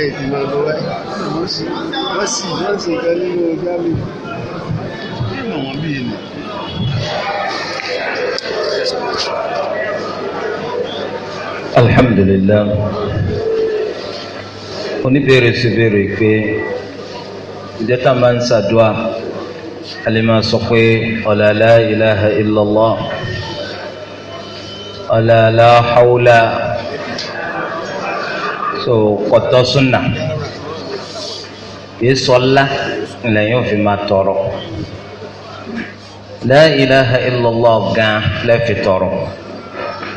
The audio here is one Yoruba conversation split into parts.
ẹ̀ ti máa lọ wáyé wọ́n sì wọ́n sì wọ́n sì kan nínú ọjà mi. kí àwọn bíi nì. alhamdulillah oníbèrè sí béèrè pé ìjọ tá a máa ń ṣàdúrà a sọ pé ọ̀là ilaha illallah ọ̀là la so kọtọ súnà kìí sọlá ilẹ̀ yóò fi máa tọrọ la ilaha illallah gan lẹ́fi tọrọ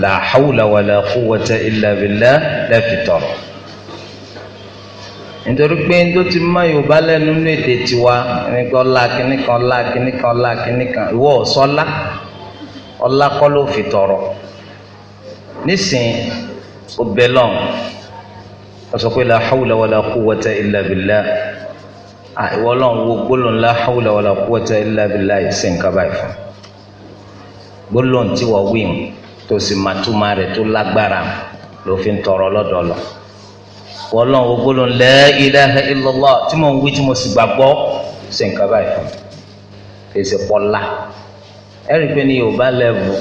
la hawla wala quwwata illa billah lẹ́fi tọrọ nítorí pé tó ti mọ yorùbá lẹ́nu ní èdè tiwa nígbà ọlá kínní ọlá kínní ọlá kínní ìwọ ọsọlá ọlá kọ́ ló fi tọrọ nísìnyí ó bẹ lọ́hùn ọsọ pé la hawla wala quwwata illa billah àìwọ Ọlọ́run wo gbólóhùn la hawla wala quwwata illa billah ìsìn nǹkan báyìí fún gbólóhùn tí wọ́n wí tó sì máa túmọ̀ rẹ̀ tó lágbára ló tọrọ lọ́dọ̀ lọ wo gbólóhùn la ilaha illallah tí mò ń wí tí mo sì gbàgbọ́ ìsìn nǹkan fèsì pọ́lá ẹ̀rí pé ní Yorùbá lẹ́vù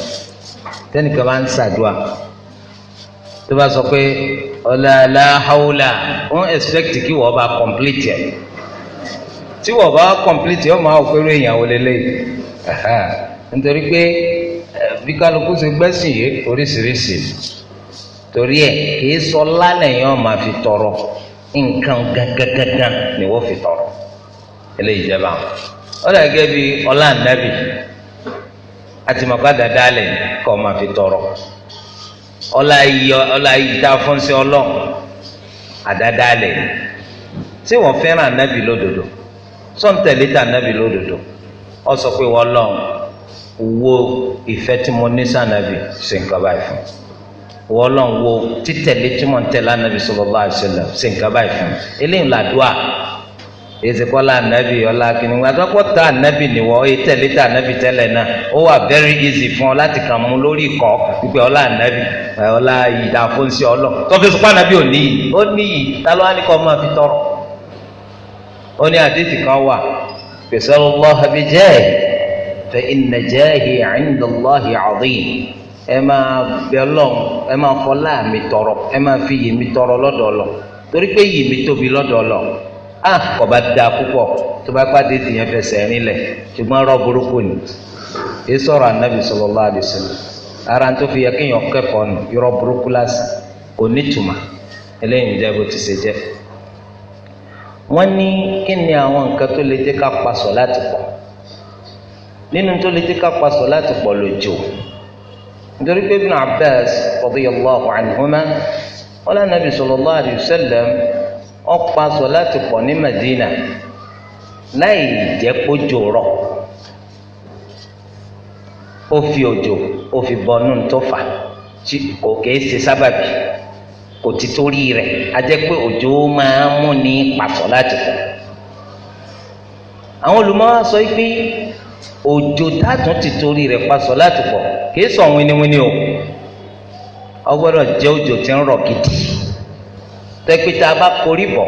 tẹ́nìkan bá ń ṣàdúrà tó bá sọ pé ọ̀làlà haúlà wọ́n expect kí wọ́n bá complete ẹ̀ tí wọ́n bá complete ẹ̀ ọ́ máa òkèrè èèyàn wọlé lẹ́yìn nítorí pé eh, bí kálukú ṣe gbẹ́sìn yìí oríṣiríṣi torí ẹ̀ kìí sọ lálẹ́yìn ọ̀ máa fi tọrọ nǹkan gangan ni wọ́n fi tọrọ eléyìí jẹ́ báwọn ọ̀là gẹ́gẹ́ bí ọlá ànábì àtìmọ̀ká dáadáa lẹ̀ kọ́ máa fi tọrọ ọlá iyọ ọlá iyita fúnṣẹ Ọlọ́run àdádálẹ̀ tí wọ́n fẹ́ràn anabi lódodo sọńtẹlẹ tà anabi lódodo ọ sọ pé wọ́n lọ wo ìfẹ́ tí mo ní sànàbì ṣe nǹkan báyìí fún wọ́n lọ wo títẹ̀lé tí mo ń tẹ̀lé anabi sallallahu alaihi wasallam ṣe nǹkan báyìí fún eléyìí làdúà ezekọla anabi ọla kìnìún agbapò ta anabi niwọ etẹlẹ ta anabi tẹ́lẹ̀ náà ó wà very easy fún ọ láti kàn mú lórí ikọ pípẹ ọla anabi ọla ìdàfọnsí ọlọ tọfẹsọ pa anabi ò níyì ó níyì talọ wani kọ máa fi tọrọ ó ní àdéhìí kan wà pèsè ọlọ́hà bíi jẹ́ẹ̀ fẹ́ iná jẹ́ẹ̀hì àìndọ́lọ́hì àdéhìí ẹ máa bẹ ọlọ́run ẹ máa fọlá mi tọrọ ẹ máa fi yìí mi tọrọ lọ́dọ̀ Ah, kọba da púpọ̀ tó bá pàdé tìyẹn fẹsẹ̀ rinlẹ̀ ṣùgbọ́n ọ̀rọ̀ burúkú ni èyí sọ̀rọ̀ anabi sallallahu alaihi wasallam ara tó fi yẹ kéèyàn kẹ́kọ̀ọ́ nù irọ́ burúkú lásán kò ní tùmà eléyìí ń jẹ́ bó ti ṣe jẹ́ wọ́n ní kí ni àwọn nǹkan tó lè jẹ́ ká pa sọ̀láàtì pọ̀ nínú tó lè jẹ́ ká pa sọ̀láàtì pọ̀ lòjò nítorí pé Ibn Abbas radiyallahu anhuma wala nabi sallallahu alaihi wasallam ọ̀pá sọ̀láàtì pọ̀ ní Madina láì jẹ́ kójò rọ̀ ó fi òjò ó fi bọnú tó fà tí kò kìí ṣe sábàbí kò ti torí rẹ̀ a jẹ́ pé òjò máa ń mú ní pàṣọ láti pọ̀ àwọn olùmọ̀ọ́ sọ pé òjò dátún ti torí rẹ̀ pàṣọ láti pọ̀ kìí sọ wíníwíní o ọgbọ́dọ̀ jẹ́ òjò tí ń rọ̀ gidi tẹ́pítà bá korí bọ̀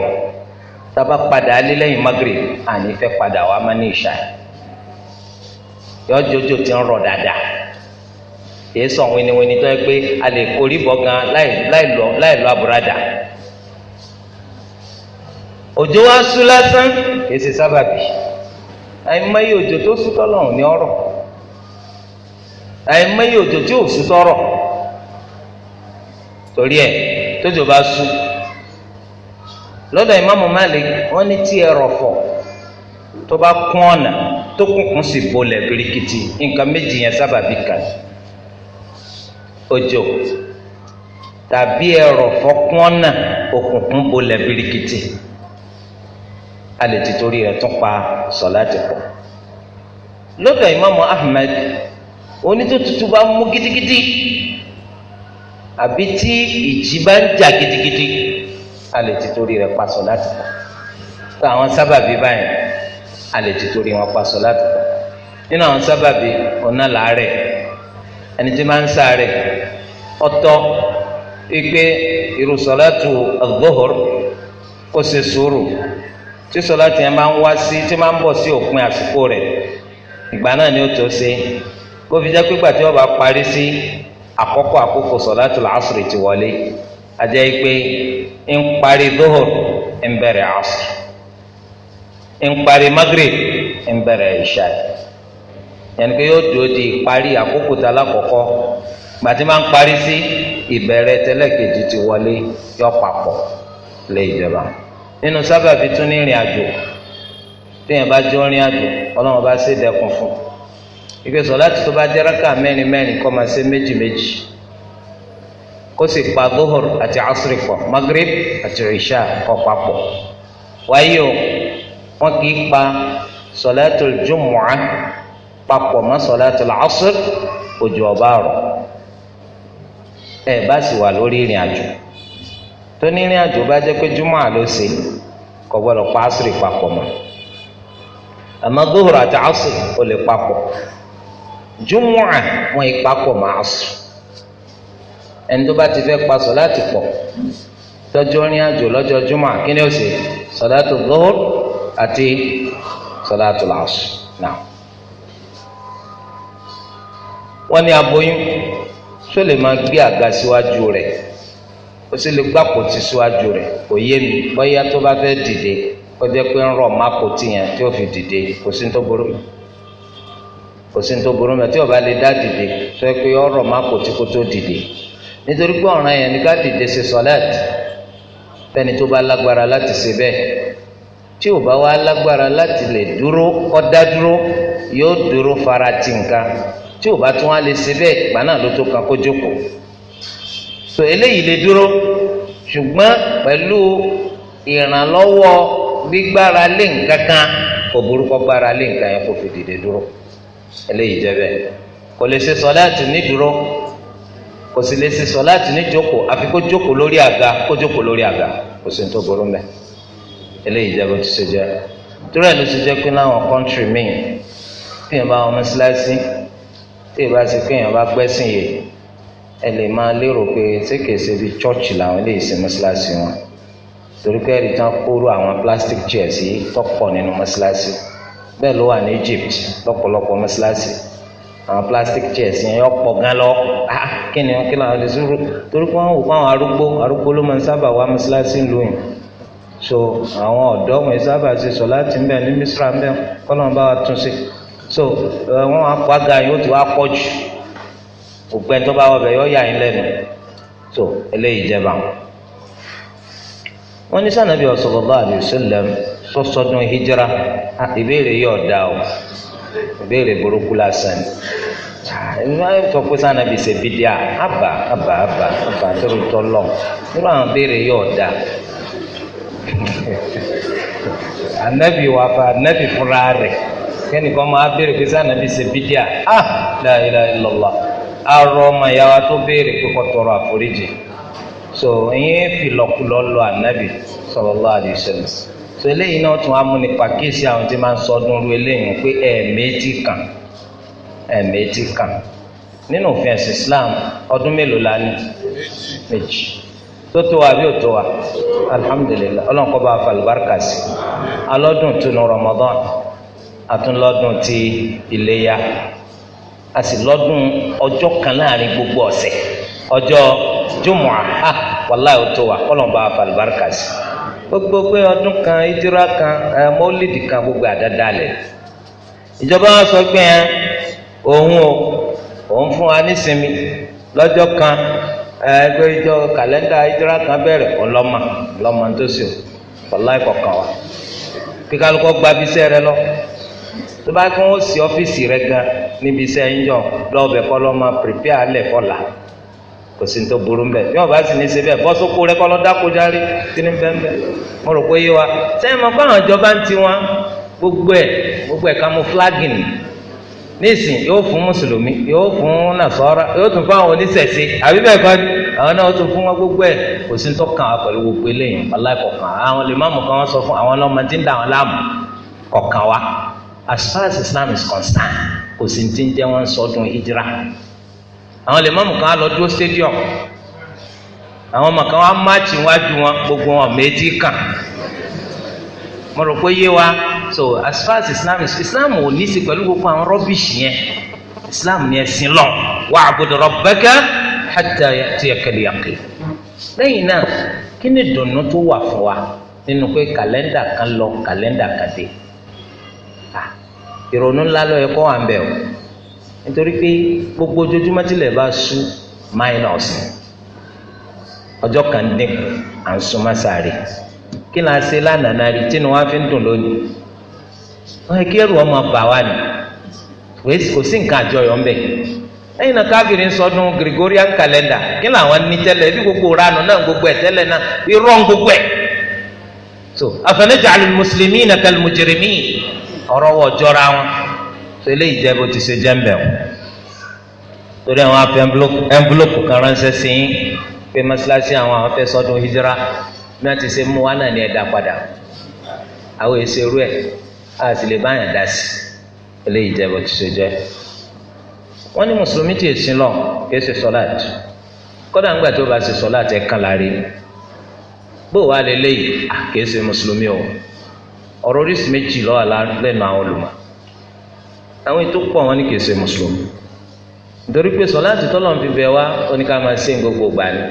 tá a bá padà alẹ́ lẹ́yìn Maghrib àní fẹ́ padà wá má ní ìṣá yọ jojo ti ń rọ̀ dáadáa èyí sọ winiwini tó yẹ pé a lè korí bọ̀ gan láì lọ láì lọ àbúradà òjò wa sú lásán kìí ṣe sábàbí àìmọye òjò tó sú tọ́lọ́run ní ọ̀rọ̀ àìmọye òjò tí ò sú tọ́rọ̀ torí ẹ̀ tójò bá sú lọ́dọ̀ ìmáàmù Malik wọ́n ní tí ẹrọ̀fọ̀ tó bá kún ọ̀nà tó kúnkún sì bolẹ̀ birikiti nǹkan méjì yẹn sábàbí kan òjò tàbí ẹrọ̀fọ̀ kún ọ̀nà òkùnkùn bolẹ̀ birikiti a lè ti torí rẹ̀ tún pa sọ̀láàtì pọ̀ lọ́dọ̀ ìmáàmù Ahmed onítòtútù bá mú gidigidi àbí tí ìjì bá ń jà gidigidi a lè ti torí rẹ̀ pasọ̀ láti kọ́ tó àwọn sábàbí báyìí a lè ti torí wọn pasọ̀ láti kọ́ nínú àwọn sábàbí ọ̀nà làárẹ̀ ẹni tí máa ń sáré ọ̀tọ̀ wípé irú sọ̀látù adh ṣe sùúrù tí sọ̀látù yẹn máa ń wá sí tí máa ń bọ̀ sí òpin àsìkò rẹ̀ ìgbà náà ni ó tó ṣe kó fi jẹ́ pé gbàtí ó bá parí sí àkọ́kọ́ àkókò sọ̀látù al ti wọlé àjẹ́ pé ń parí dóhùr ń bẹ̀rẹ̀ asr ń parí magrib ń bẹ̀rẹ̀ ìṣá yẹn pé yóò dúró di ìparí àkókò tá lákọ̀ọ́kọ́ gbàtí máa ń parí sí ìbẹ̀rẹ̀ tẹ́lẹ̀kejì ti wọlé yọ papọ̀ lè jẹba nínú sábàbí tún ní ìrìn àjò téèyàn bá jọ rìn àjò ọlọ́run bá ṣe dẹkùn fún ìgbésọ̀ láti tó bá jẹ́ rákà mẹ́rin mẹ́rin kọ́ máa ṣe méjì méjì kó sì pa zohor àti asiri pọ̀ magreb àti isha kọ papọ̀ wáyé o wọn kì í pa sọlẹtul jumua papọ̀ mọ́ sọlẹtul asir òjò ọba rọ ẹ bá sì wà lórí ìrìn àjò tó ní ìrìn àjò bá jẹ́ pé jumua ló ṣe kò gbọ́dọ̀ pa asiri papọ̀ mọ́ àmọ́ zohor àti asir ò lè papọ̀ jumua wọn ì papọ̀ mọ́ asiri ẹni tó bá ti fẹ́ pa sọ̀láàtì pọ̀ tọ́jú rìn àjò lọ́jọ́ júmọ̀ kí ni ó ṣe sọ̀láàtì dhuhr àti sọ̀láàtì làásù náà. wọ́n ní aboyún tó lè máa gbé àga síwájú rẹ̀ ó sì lè gbá àpótí síwájú rẹ̀ kò yé mi bóyá tó bá fẹ́ dìde kó pé ń rọ̀ má kò tí ó fi dìde kò sí tó burú kò sí tó burú mi tí ó bá lè dá dìde tó yẹ pé ọ̀rọ̀ má tí kò tó dìde nítorí pé ọ̀ràn yẹn ní ká dìde ṣe sọ̀láàtì fẹ́ni tó bá lágbára láti ṣe bẹ́ẹ̀ tí ò bá wá lágbára láti lè dúró ọ̀dá dúró yóò dúró fara ti nǹkan tí ò bá tún wá lè ṣe bẹ́ẹ̀ ìgbà náà ló tó kan kó jókòó so eléyìí lè dúró ṣùgbọ́n pẹ̀lú ìrànlọ́wọ́ gbígbára lé nǹkan kan kò burúkọ gbára lé nǹkan yẹn kò fi dìde dúró eléyìí jẹ́ bẹ́ẹ̀ kò lè ṣe sọ̀láàtì ní dúró kò sì lè ṣe sọ láti ní jókòó àfi kó jókòó lórí àga kó jókòó lórí àga kò sì ń tó burú mẹ eléyìí jẹ bó ti ṣe jẹ torí ẹ ló ti jẹ pé láwọn kọńtìrì míì kéèyàn bá wọn mọ́sálásí téèyàn bá ti kéèyàn bá gbẹ́sìn yìí ẹ lè máa lérò pé ṣé kìí ṣe bí chọ́ọ̀chì làwọn eléyìí ṣe mọ́sálásí wọn torí pé ẹ̀rí tán kóró àwọn plastic chairs yìí tọ́pọ̀ nínú mọ́sálásí bẹ́ẹ̀ ló wà ní Egypt lọ́pọ̀lọpọ̀ mọ́sálásí àwọn plastic chairs yẹn yọ pọ̀ gan lọ ah, ah kí ni kí làwọn lè sùúrù torí pé wọn wò fún àwọn arúgbó arúgbó ló máa ń sábà wá mọ́ṣáláṣí ìlú so àwọn ọ̀dọ́ wọn sábà ṣe sọ láti ń bẹ̀ ní misra ń bẹ̀ ń bá wa tún sí so eh, wọn akọ aga yìí ó ti wá pọ̀ jù òpin tó bá wọ bẹ̀ yọ yà yín lẹ́nu so eléyìí jẹba wọn ní sànàbí sallallahu alaihi wasallam sọsọdún hijira ah, ìbéèrè yìí ọ̀dà o ìbéèrè burúkú lásán ni ìwà ah, sọ pé sànàbì ṣe bídíà àbà àbà àbà àbà torí tọlọ nínú àwọn béèrè yóò dà anabi wà fà anabi fúnra rẹ̀ kẹ́nìkan máa béèrè pé sànàbì ṣe bídíà ah la ilaha illallah arọ ọmọ ìyá wa tó béèrè pé kó tọrọ àforíjì so ìyẹn fi lọkulọ lọ anabi sallallahu alaihi wasallam so eléyìí náà tún amúni pàkíyèsí àwọn tí máa ń sọdún ru eléyìí pé ẹ̀ẹ̀mẹ́tì kan ẹ̀ẹ̀mẹ́tì kan nínú òfin ẹ̀sìn Islam ọdún mélòó la ní méjì tó tó wa bí ó tó wa alihamudulilayi ọlọ́run bá a fa àlùbáríkà sí alọ́dún tunu Ramadan àtúnlọ́dún ti iléyà a sì lọ́dún ọjọ́ kan láàrin gbogbo ọ̀sẹ̀ ọjọ́ jùmọ̀ àhà ah, wàláyé ó tó wa ọlọ́run bá a fa àlùbáríkà sí gbogbo pé ọdún kan ìdíra kan mọ́lìdì kan gbogbo àdáda lẹ̀ ìjọba wa sọ pé òun o òun fún wa nísinmi lọ́jọ́ kan ẹgbẹ́ ìjọ kàlẹ́ndà ìdíra kan bẹ̀rẹ̀ ọlọ́mà ọlọ́mà tó sì o ọlá ìkọ̀kan wa kí kálukọ́ gba bí iṣẹ́ rẹ lọ tó bá kí wọ́n sí ọ́fíìsì rẹ gan níbi iṣẹ́ yín lọ́ọ̀bẹ̀ kọ́ lọ́ọ́ máa pèpè alẹ́ fọ́la kò sí tó burú mbẹ bí wọn bá sì ní í ṣe bẹ́ẹ̀ bọ́ sóko rẹ kọ́ lọ dáko járe kí ni bẹ́ẹ̀ bẹ́ẹ̀ mo rò pé yé wa sẹ́yìn mọ́ fáwọn ìjọba ń tiwọn gbogbo ẹ̀ gbogbo ẹ̀ kamuflagin nísìn yóò fún mùsùlùmí yóò fún nàṣọ́ra yóò tún fún àwọn oníṣẹ̀ṣe àbí bẹ́ẹ̀ kọ́ ni àwọn náà tún fún wọn gbogbo ẹ̀ kò sí tó kàn wá pẹ̀lú gbogbo eléyìí aláìkọ̀kan àwọn lè má mú kí wọ́n sọ fún àwọn ọlọ́mọ tí ń dà wọn láàmú kọ̀kan wa as far as Islam is concerned kò sí ti ń jẹ́ wọn sọdún hijra àwọn lè mọ́mù kan á lọ dúró stadium àwọn ọmọ kan wá máàtì wájú wọn gbogbo wọn méjì kàn mo rò pé yé wa so as far as Islam is Islam ò ní í ṣe pẹ̀lú gbogbo àwọn rọ́bìṣì yẹn Islam ni ẹ̀sìn lọ wa'budu rabbaka hatta ya'tiyakal yaqin lẹ́yìn náà kí ni dùnú tó wà fún wa nínú pé kàlẹ́ndà kan lọ kàlẹ́ndà kan dé ìrònú ńlá ló yẹ kó wà ń bẹ̀ o. nítorí pé gbogbo ojoojúmọ́ tilẹ̀ bá sú minus ọjọ́ kan dín à ń súnmọ́ sáré kí ni a ṣe lánàá náà rí tí ni fi ń dùn lónìí wọ́n kí ẹrù ọmọ ni kò sí nǹkan àjọyọ̀ ń bẹ̀ lẹ́yìn náà káfíìrì ń sọdún Gregorian calendar kí làwọn ní tẹ́lẹ̀ gbogbo ranu náà gbogbo ẹ̀ tẹ́lẹ̀ náà irọ́ ń gbogbo ẹ̀ so afanaj'alul muslimina kal ọ̀rọ̀ wọ̀ jọra wọn. so eléyìí jẹ́ bó ti ṣe jẹ́ mbẹ́ o torí àwọn afẹ́ ẹnbúlọ́pù kan ránṣẹ́ sí yín pé mọ́ṣáláṣí àwọn afẹ́ sọ́dún hijira bí wọ́n ti ṣe mú wa náà ní ẹ̀dá padà àwọn èsì irú ẹ̀ a sì lè báyàn dá sí eléyìí jẹ́ bó ti ṣe jẹ́ wọ́n ní mùsùlùmí ti èsì lọ kì í ṣe sọ́láàtì kódà ńgbà tó bá ṣe sọ́láàtì ẹ̀ kan láre bó wàá lélẹ́yìí kì í ṣe mùsùlùmí o ọ̀rọ̀ oríṣi méjì lọ́wọ́ lẹ́nu àwọn olùmọ̀ àwọn ètò pọ̀ wọn ni kì í ṣe mùsùlùmí nítorí pé sọ láti tọ́lọ̀ ń fi bẹ̀ wá oníkà máa ṣe gbogbo gbà ni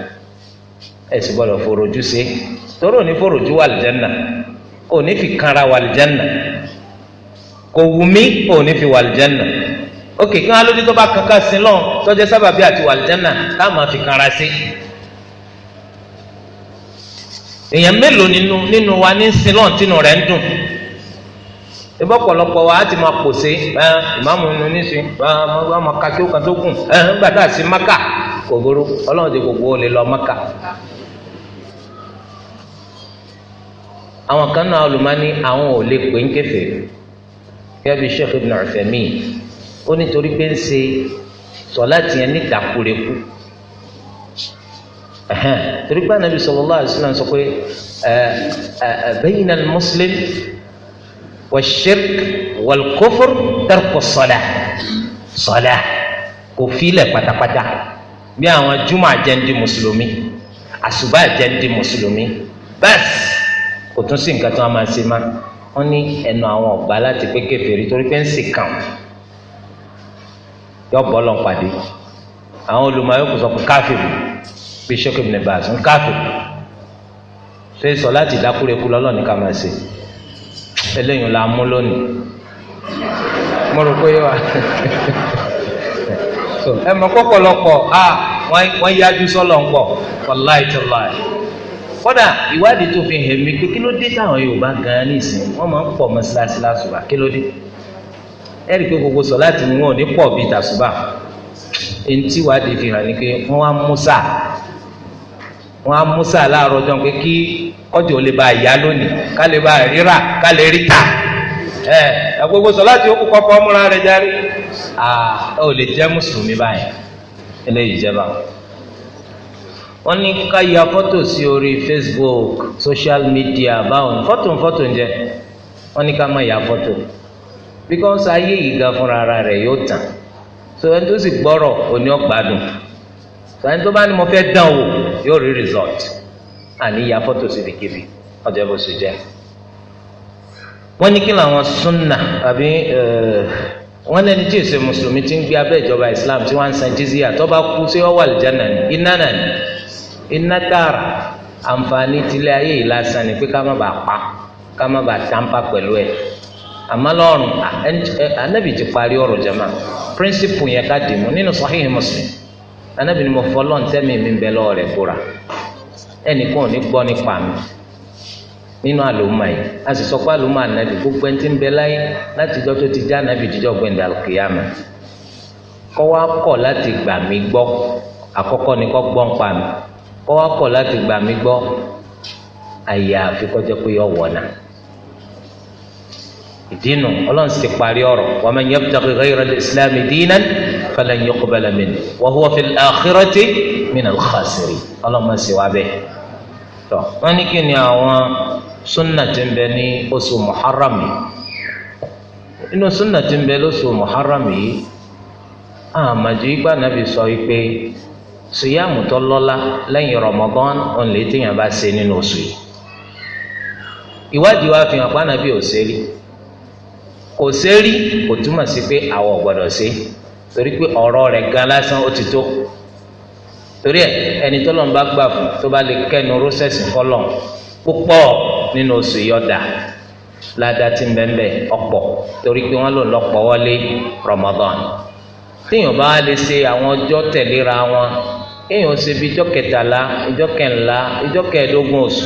ẹ̀sìn gbọ́dọ̀ fòròjú ṣe torí òní fòròjú wà lìjánà òní fi kanra wà lìjánà kò wù mí òní fi wà lìjánà òkè kí wọn alóde tó bá kankan sí lọ tọjọ sábàbí àti wà lìjánà ká máa fi kanra sí. èèyàn mélòó nínú wa ní sílọ̀ rẹ̀ ń dùn ebọ pọ̀lọpọ̀ wa ti ma pòsè ẹ ìmáàmù nínú níṣe ẹ ọmọ kakí ó kan tó kù ẹ ńgbà tá a sí maka kò burú Ọlọ́run ti gbogbo olè lọ maka. àwọn kan náà olùmọ́ni àwọn ò lè pè ń kẹfẹ́ gẹ́gẹ́ bí Sheikh Ibn Uthaymeen ó nítorí pé ń ṣe sọ̀láàtì yẹn ní ìdákúrekú torí pé Ànábì sallallahu alaihi wasallam sọ pé bainal muslim wàṣírk wàlkófòr tẹrkù sọlá sọlá kò filẹ̀ pátápátá bí àwọn júmọ̀ àjẹndí mùsùlùmí àṣùbà àjẹndí mùsùlùmí bẹ́ẹ̀sì kò tún sí nǹkan tí wọ́n máa ṣe má wọ́n ní ẹnu àwọn ọ̀gbá láti pé kèfèrí torí pé ń sì kàn yọ bọ́ọ̀lọ̀ pàdé àwọn olùmọ̀ sọ pé káfíìrì bíṣọ́kì bìnnìbàṣ ń káfíìrì ṣé sọ láti dákúrekú lọ́lọ́ ní ká máa ṣe eléyìí la mú lónìí mo rò pé wa so ẹ mọ kọpọlọpọ a wọn yájú sọlọ ń pọ wàláì tó láì kódà ìwádìí tó fi hàn mí pé kí ló dé táwọn Yorùbá gan-an ní ìsìn wọn máa ń pọ̀ mọ́ṣáláṣí lásùbà kí ló dé ẹ rí i pé gbogbo sọ láti ní wọn ò ní pọ̀ bíi tàṣùbà ntí wàá di fi hàn ní pé wọn wá mú sáà. wọn á musa láàárọ̀ jọ pé kí ọjà ò lè ba ìyá lónìí ká lè ríra ká lè rí ta ẹ sọ láti ó kú kọkọ múra rẹ járe àà ó lè jẹ mùsùlùmí báyìí eléyìí jẹba wọn ní ká ya fọ́tò sí orí Facebook social media báwọn fọ́tò fọ́tò ń jẹ wọn ní ká má ya fọ́tò ayé yìí ga fúnra rẹ yóò tàn so ẹni tó sì gbọ́rọ̀ òní sọ̀rọ̀ tó bá ní mo fẹ́ dán wò yóò rí result àní ya fọ́tò síbi kíbi ọjọ́ bó ṣe jẹ́ wọ́n ní kí làwọn súnà àbí wọ́n lẹ́ni tí èsè mùsùlùmí ti ń gbé abẹ́ ìjọba Islam tí wọ́n ń san jizya tó bá kú sí ọwọ́ àlìjáná ni iná náà ni iná tààrà àǹfààní tilẹ̀ ayé yìí lásán ni pé ká má bàa pa ká má bàa tàǹpà pẹ̀lú ẹ̀ àmọ́ lọ́rùn anábì ti parí ọ̀rọ̀ jama principle yẹn ká dì mú nínú Sahih Muslim anabi ni mo fọlọ́ ntẹ́mi mi ń bẹ lọ́wọ́ rẹ̀ fúra ẹnìkan ò ní gbọ́ nípa mi nínú àlùmọ́ yìí a sì sọ pé àlùmọ́ ànábì gbogbo ẹni tí ń bẹ láyé láti jọ tó ti já ànábì jíjọ gbẹ̀ndà kìyàmù kọ́ wa kọ̀ láti gbà mí gbọ́ àkọ́kọ́ ni kọ́ gbọ́ ń pa mi kọ́ wa kọ̀ láti gbà mí gbọ́ àyà àfikọ́jọ́ pé yọ wọ̀nà ìdínú ọlọ́run sì parí ọ̀rọ̀ wa man yabtaghi ghayra al-islami dinan falan yuqbala minhu wa huwa fil akhirati minal khasirin ọlọ́mọ sì wá bẹ́ẹ̀ tọ́ wọ́n ní kí ni àwọn súnà tí ń bẹ ní oṣù muharram yìí inú súnà tí ń bẹ lóṣù muharram yìí àmàjù ìgbà nàbì sọ wípé sùyàmù tó lọ́lá lẹ́yìn rọmọgán òun lè téèyàn bá ṣe nínú oṣù yìí ìwádìí wa fi hàn pé ànábì ò ṣe rí kò ṣe rí kò túmọ̀ sí pé àwọn ò gbọ́dọ̀ ṣe é torí pé ọ̀rọ̀ rẹ̀ gan lásán ó ti tó torí ẹ ẹni tó lọ́n bá gbà fún tó bá lè kẹ́nu rọ́sẹ̀sì fọlọ́ púpọ̀ nínú oṣù yọ̀dà ládàá ti mbẹ́mbẹ́ ọ̀pọ̀ torí pé wọ́n lò lọ́pọ̀ wọlé Ramadan téèyàn bá lè ṣe àwọn ọjọ́ tẹ̀léra wọn kéèyàn ṣe bí ijọ́ kẹtàlá ijọ́ kẹńlá ijọ́ kẹẹ̀ẹ́dógún oṣù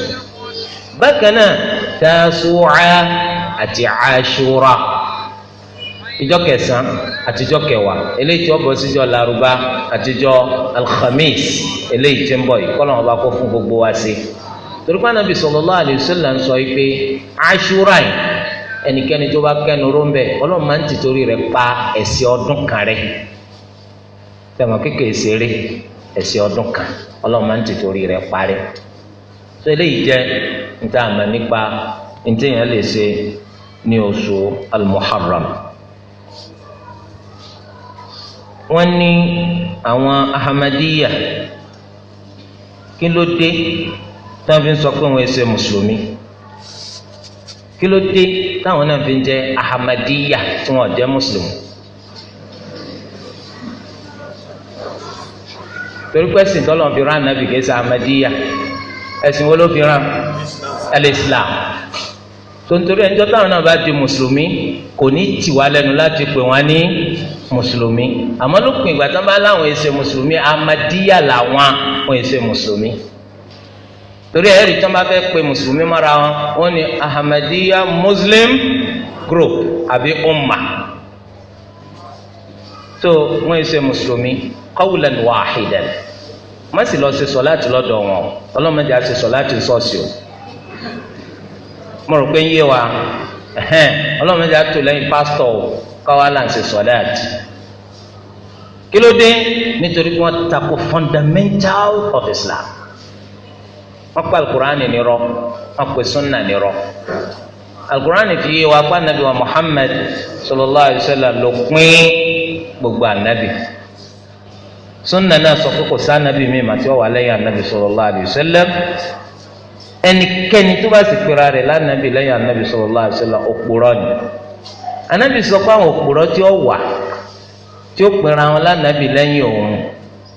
bákan náà Tasu'a àti Ashura ìjọ kẹsàn àtijọ́ kẹwàá eléyìí tí ó bọ́ síjọ́ Lárúbá àtijọ́ alhamis eléyìí tí ń bọ̀ yìí kọ́lọ́mù bá kó fún gbogbo wa sí torí pé anabi sallallahu alaihi wasallam sọ yìí pé aṣúra yìí ẹnikẹ́ni tó bá kẹ́nu róńbẹ́ ọlọ́run máa ń tìtorí rẹ̀ pa ẹ̀ṣẹ̀ ọdún kan rẹ̀ tẹ̀mọ̀ kékeré ṣeré ẹ̀ṣẹ̀ ọdún kan ọlọ́run máa ń tìtorí rẹ̀ parí so eléyìí jẹ́ níta àmọ́ nípa ní wọ́n ní àwọn Ahmadiyya kí ló dé táwọn fi ń sọ pé wọ́n ṣe mùsùlùmí kí ló dé táwọn náà fi ń jẹ Ahmadiyya tí wọ́n jẹ́ mùsùlùmí. torí pé ẹ̀sìn tọ́lọ́ fi rán ànábì kìí ṣe Ahmadiyya ẹ̀sìn fi rán al-Islam tontorí ẹnjọ́ táwọn náà bá di mùsùlùmí kò ní tì wá lẹ́nu láti pè wọ́n ní mùsùlùmí àmọ́ lópin ìgbà tán bá láwọn èsè mùsùlùmí amadíyà làwọn wọn èsè mùsùlùmí torí ẹ̀rí tán bá fẹ́ pe mùsùlùmí mọ́ra wọn wọn ni ahmadiyya muslim group àbí umma tó wọn èsè mùsùlùmí qawlan wahidan má sì lọ sí sọ láti lọ́dọ̀ wọn ọlọ́mọdé á sì sọ láti sọ́ọ̀sì o mo rò pé ń yé wa ọlọ́run mẹ́ta tó lẹ́yìn pásítọ̀ káwá là ń ṣe sọ́láàtì kí ló dé nítorí pé tako fundamental of Islam wọ́n pa alukur'ani nírọ́ wọ́n pe sunna nírọ́ alukur'ani fi yé wa pa anabi wa Muhammad sallallahu alayhi wa sallam ló pín gbogbo anabi sunna náà sọ pé kò sá anabi mi màtí wọ́n wà lẹ́yìn anabi sallallahu alayhi wa sallam ẹnikẹ́ni tó bá sì pera rẹ̀ lánàbì lẹ́yìn anabi sallallahu alaihi wasallam òpùrọ́ ni anabi sọ pé àwọn òpùrọ́ tí ó wà tí ó pera wọn lánàbì lẹ́yìn òun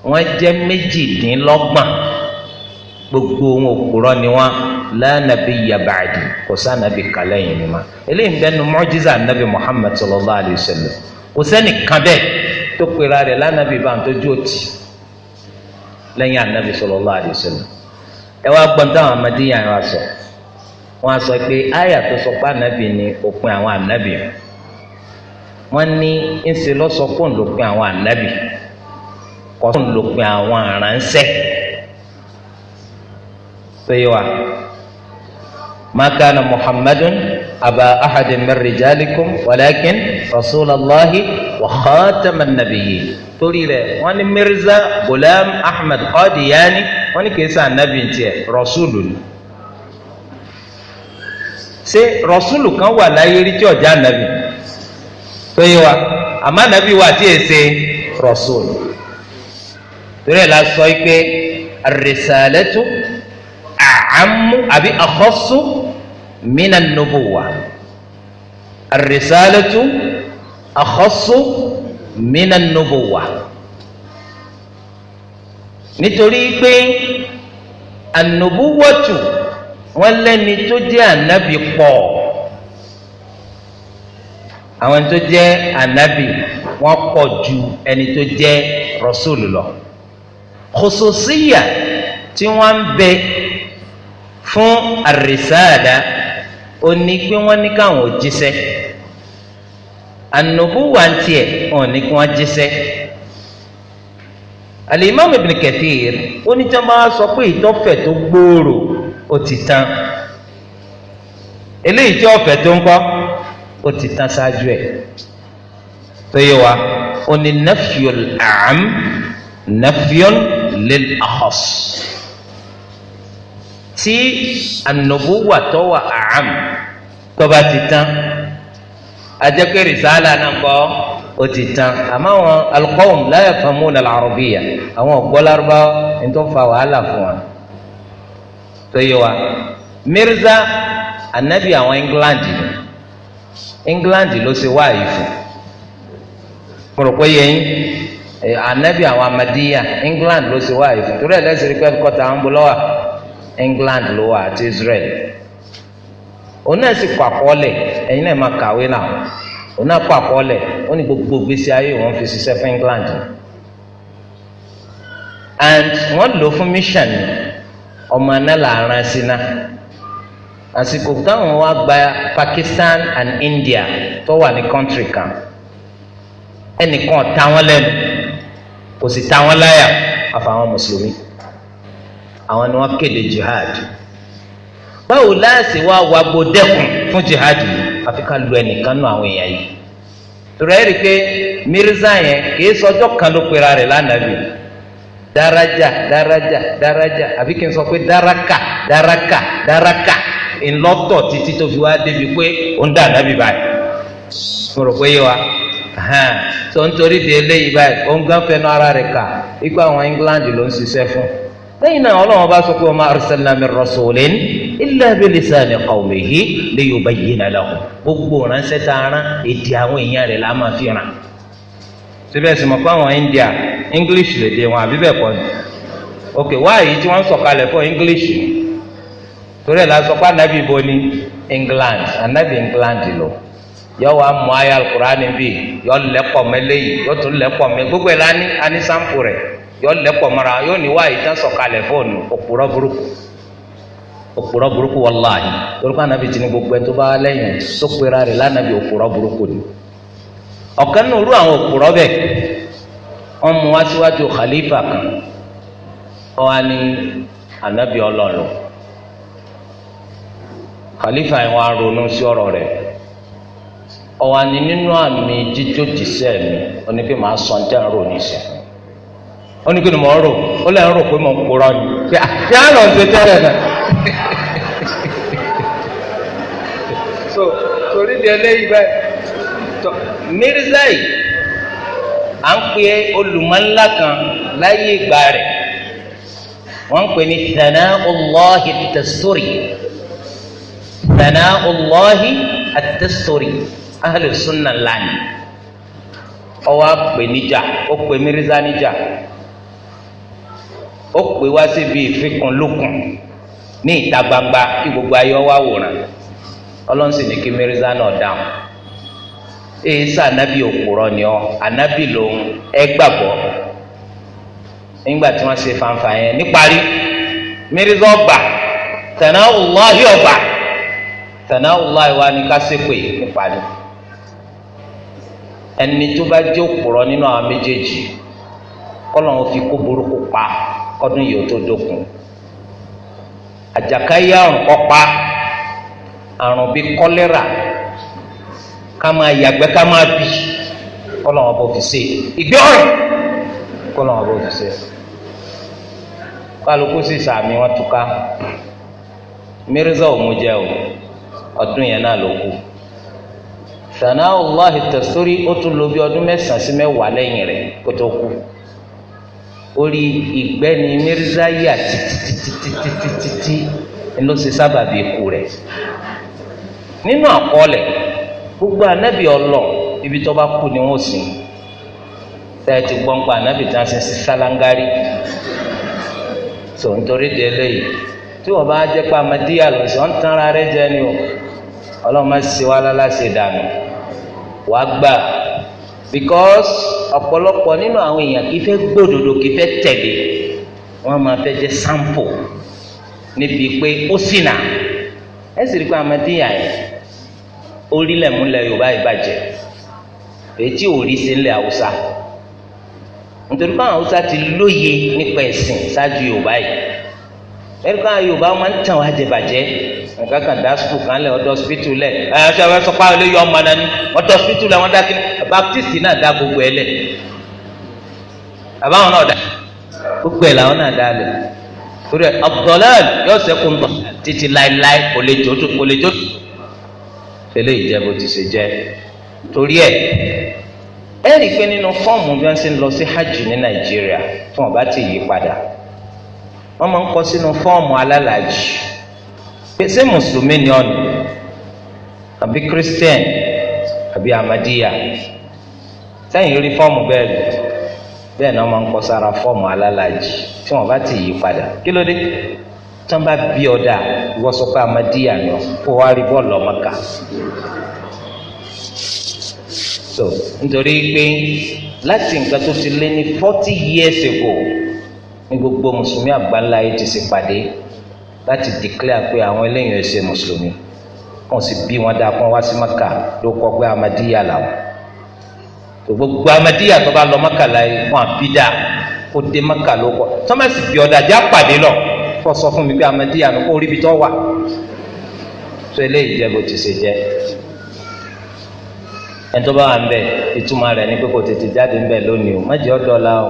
wọ́n jẹ́ méjìdínlọ́gbọ̀n gbogbo wọn òpùrọ́ ni wọ́n lánàbì yabàdì kò sànàbì kàlẹ́yìn ni wọn eléyìí ń bẹnu mọ́jísà anabi muhammad sallallahu alaihi wasallam kò sẹ́nìkan bẹ́ẹ̀ tó pera rẹ̀ lánàbì bá ń tójú òtì lẹ́yìn anabi sallallahu alaihi wasallam ẹ wá gbọ́n táwọn amadíyà wa sọ wọ́n á sọ pé àyà tó sọ pé ànábì ni òpin àwọn ànábì wọ́n ní ńṣe lọ́sọ pé òun lòpin àwọn ànábì kọ́ tó ń lòpin àwọn àránṣẹ́ sọ́yìn wa makana muhammadun aba ahadin min rijalikum walakin rasulallah wa khataman nabiyyin torí rẹ̀ wọ́n ní mirza gulam ahmed qadiyani wọ́n ní kìí sàn ànábì tiẹ̀ rọ̀ṣúlù ni ṣé rọ̀ṣúlù kan wà láyé rí tí ọ̀já ànábì tó yé wa àmọ́ ànábì wà tí èsè rọ̀ṣúlù torí ẹ̀ la sọ yìí pé àrèsàlẹ́tù àmú àbí àkọ́sù mina nubuwa àrèsàlẹ́tù àkọ́sù mina nubuwa nítorí pé ànùbúwọ́tù wọn lẹ́ni tó jẹ́ ànábì pọ̀ àwọn tó jẹ́ ànábì wọn pọ̀ ju ẹni tó jẹ́ rọ́sùlù lọ kòsòsíyà tí wọ́n ń bẹ fún àrísáàdá ó ní pé wọ́n ní káwọn ò jíṣẹ́ ànùbúwà ń ní kí wọ́n jíṣẹ́ alimami ibn Kathir onítọ́mọ́ sọ pé ìtọ́fẹ̀ tó gbòòrò ó ti tán eléyìí tí ọ̀fẹ́ tó ń kọ́ ó ti tán ṣáájú ẹ̀ tó yẹ wa ó ní am nafiyul lil akhas tí anubuwa tó wà am tó bá ti tán ajẹ́pẹ́ rìsálà náà kọ́. ó ti tán àmọ́ àwọn alqawm la yafhamuna al-arabiyya àwọn ọ̀gbọ́ lárúbáwá ní wàhálà fún wa Mirza anabi àwọn England England ló ṣe wáyé fún mo rò pé yẹn anabi amadiya England ló ṣe wáyé fún torí ẹ̀ lẹ́sìn rí pé ń England ló wà àti Israel kọ́ àkọọ́lẹ̀ ẹ̀yin náà máa kàwé náà. òun náà kọ àkọọ́lẹ̀ ó ní gbogbo gbèsè ayé òun fi ṣiṣẹ́ fún England and wọ́n lò fún mission ọmọ náà làárín asínà àsìkò táwọn wá gba Pakistan and India tó wà ní country kan ẹnìkan ta wọ́n lẹ́nu kò sì ta wọ́n láyà àfàwọn mùsùlùmí àwọn ni wọ́n kéde jihad báwo láàsì wá wàgbó dẹ́kun fún jihad yìí àfi ká lu ẹnìkan nù àwọn èèyàn yìí torí ẹ rí i pé mirza yẹn kì í sọjọ́ kan ló pera rẹ̀ lánàbì daraja daraja daraja àbí kí n sọ pé daraka daraka daraka ńlọ́tọ̀ títí tó fi wá débi pé ó ń dà nábì báyìí mo rò pé yé wa tó ń torí di eléyìí báyìí ó ń gán fẹnu ara rẹ̀ kà ikú àwọn England ló ń ṣiṣẹ́ fún lẹ́yìn náà Ọlọ́run bá sọ pé wa ma arsalna min rasulin illa bi lisani qawmihi li yubayyina lahum gbogbo ránṣẹ́ tá a rán èdè àwọn èèyàn rẹ̀ la máa fi ràn. síbẹ̀ sì mọ̀ pé àwọn India English lè dé wọn àbí bẹ́ẹ̀ kọ́ ni ok wáyé tí wọ́n sọ̀kalẹ̀ fún English torí ẹ̀ la sọ pé anabi ibo ni England anabi England lò yọ wá mọ ayé alukurani bi yọ lẹkọ mẹlẹyìí yọ tún lẹkọ mẹ gbogbo ẹ lani ani sampo rẹ yọ lẹkọ mọra yóò ní wáyé tí wọ́n sọ̀kalẹ̀ fóònù òpùrọ́ òpùrọ́ burúkú wàláhì torí pé anabi ti ní gbogbo ẹ tó bá lẹ́yìn tó pera rẹ̀ lánàbì òpùrọ́ burúkú ni ọ̀kan nínú irú àwọn òpùrọ́ bẹ́ẹ̀ wọ́n mú wá síwájú khalifa kan wọ́n wá anabi ọlọ́lọ́ khalifa yẹn wá ronú sí ọ̀rọ̀ rẹ̀ ọwọ ni nínú àmì jíjó jìṣẹ mi oníkè máa sọ ní tẹ́lẹ̀ rò níṣẹ́ oníkè ni mo rò ó lẹ́yìn rò pé mo ń kúrọ́ ni pé àti àlọ́ ń tẹ́lẹ̀ náà so torí di eléyìí bẹ́ẹ̀ tọ́ mírísà yìí à ń pè olùmọ̀ńlá kan láyé ìgbà rẹ̀ wọ́n ń pè ní Sana'ullahi At-Tasturi Sana'ullahi At-Tasturi ahlu sunna lánìí ọwọ́ àpè níjà ó pè mírísà níjà ó pè wá síbi ìfikùn lókun ní ìta gbangba kí gbogbo ayé wá wòran ọlọ́run ní kí mírísà náà dáhùn èyísà ànábì òpùrọ̀ ni ọ ànábì lòun ẹ gbàgbọ́ nígbà tí wọ́n ṣe fanfa yẹn níparí mírísà ọgbà tẹ̀nà ọlọ́hì ọgbà tẹ̀nà ọlọ́hì wa ni ká ṣépè níparí ẹni tó bá jẹ́ òpùrọ̀ nínú àwọn méjèèjì kọ́lọ́run fi kó burúkú pa kọ́dún yìí ó tó dókun àjàkáyé àrùn kọpa àrùn bíi kọ́lẹ́rà ká máa yàgbẹ́ ká máa bì kọ́lọ́wọ́n bó fi ṣe ìgbẹ́ ọ̀rọ̀ kọ́lọ́wọ́n bó fi ṣe kálukú sì sàmì wọn túká mírízà òmùjẹ o ọdún yẹn náà ló kù sànà allah tẹsórí ó tún lo bí ọdún mẹ́sàn-án sí mẹ́wàá lẹ́yìn rẹ̀ kó tó kú orí ìgbẹ́ni mírísáyà títítítítítí ló ṣe sábàbí ikú rẹ̀ nínú àkọọ́lẹ̀ gbogbo anábì ọlọ ibi tó bá kú ni wọ́n sì ń tẹ́ ẹ ti gbọ́n pa anábì tí wọ́n ṣe sí sálángárì tó ń torí de eléyìí tí wọ́n bá jẹ́ pé amadíyà lọ sí wọ́n tanra rẹ̀ jẹ́ ni o ọlọ́run má ṣe wá lálá ṣe dànù wàá gbà because ọ̀pọ̀lọpọ̀ nínú àwọn èèyàn kì í fẹ́ gbódodo kì í fẹ́ tẹ̀lé wọ́n máa fẹ́ jẹ́ sampo níbi pé ó sì nà ẹ sì rí pé amadíyà yẹn orílẹ̀múlẹ̀ yorùbá ìbàjẹ́ ètí òrí sí ilẹ̀ haúsá nítorí pé àwọn haúsá ti lóye nípa ẹ̀sìn ṣáájú yorùbá yìí ẹ̀rí pé àwọn yorùbá máa ń tàn wá jẹ bàjẹ́ nǹkan kan dá sùkúl kan lẹ̀ ọ̀dọ̀ sípítù lẹ̀ ẹ̀ ẹ̀ ṣe sọ pé olóyè ọmọ náà ni ọ̀dọ̀ sípítù lẹ̀ wọ́n dá kí baptist náà dá gbogbo ẹ̀ lẹ̀ àbáwọn náà dá gbogbo ẹ̀ làwọn náà dá lẹ̀ torí abdulal yóò sẹ́kùn bọ̀ títí láéláé kò lè jó kò lè jó tẹ́lẹ̀ ìjẹ́bù ti ṣe jẹ́ torí ẹ̀ ẹ rí i pé nínú fọ́ọ̀mù bí wọ́n ṣe ń lọ sí hajj ní nàìjíríà fún ọba ti yí padà wọ́n máa ń kọ sínú fọ́ọ̀mù alálàájì ṣé mùsùlùmí ni ọ̀nà àbí christian àbí amadiya sẹ́yìn rí fọ́ọ̀mù bẹ́ẹ̀ lò bẹ́ẹ̀ náà máa ń kọ́ sára fọ́ọ̀mù alálàjì tí wọ́n bá ti yí padà kí ló dé tí wọ́n bá bí ọ̀dà ìwọ sọ pé amadiya ni kó wá rí bọ́ọ̀lù ọmọkà so nítorí pé láti nǹkan tó ti lé ní forty years ago ní gbogbo mùsùlùmí àgbáńlá yìí ti ṣèpàdé láti declare pé àwọn eléyìí ẹsẹ mùsùlùmí wọn sì bí wọn dáa kó wá sí maka ló kọ pé amadiya làwọn tó gbogbo amadiya tó bá lọ maka láyé wọn àbí dáa kó dé maka ló kọ tọ́mọ̀sì bí ọ̀dà já pàdé lọ kó sọ fún mi pé amadiya ló kó rí ibi tó wà tó eléyìí jẹ bó ti ṣe jẹ ẹni tó bá wà ń bẹ ìtumọ̀ rẹ̀ ni pé kò tètè jáde ń bẹ lónìí o má jẹ́ ọ́ dọ́là o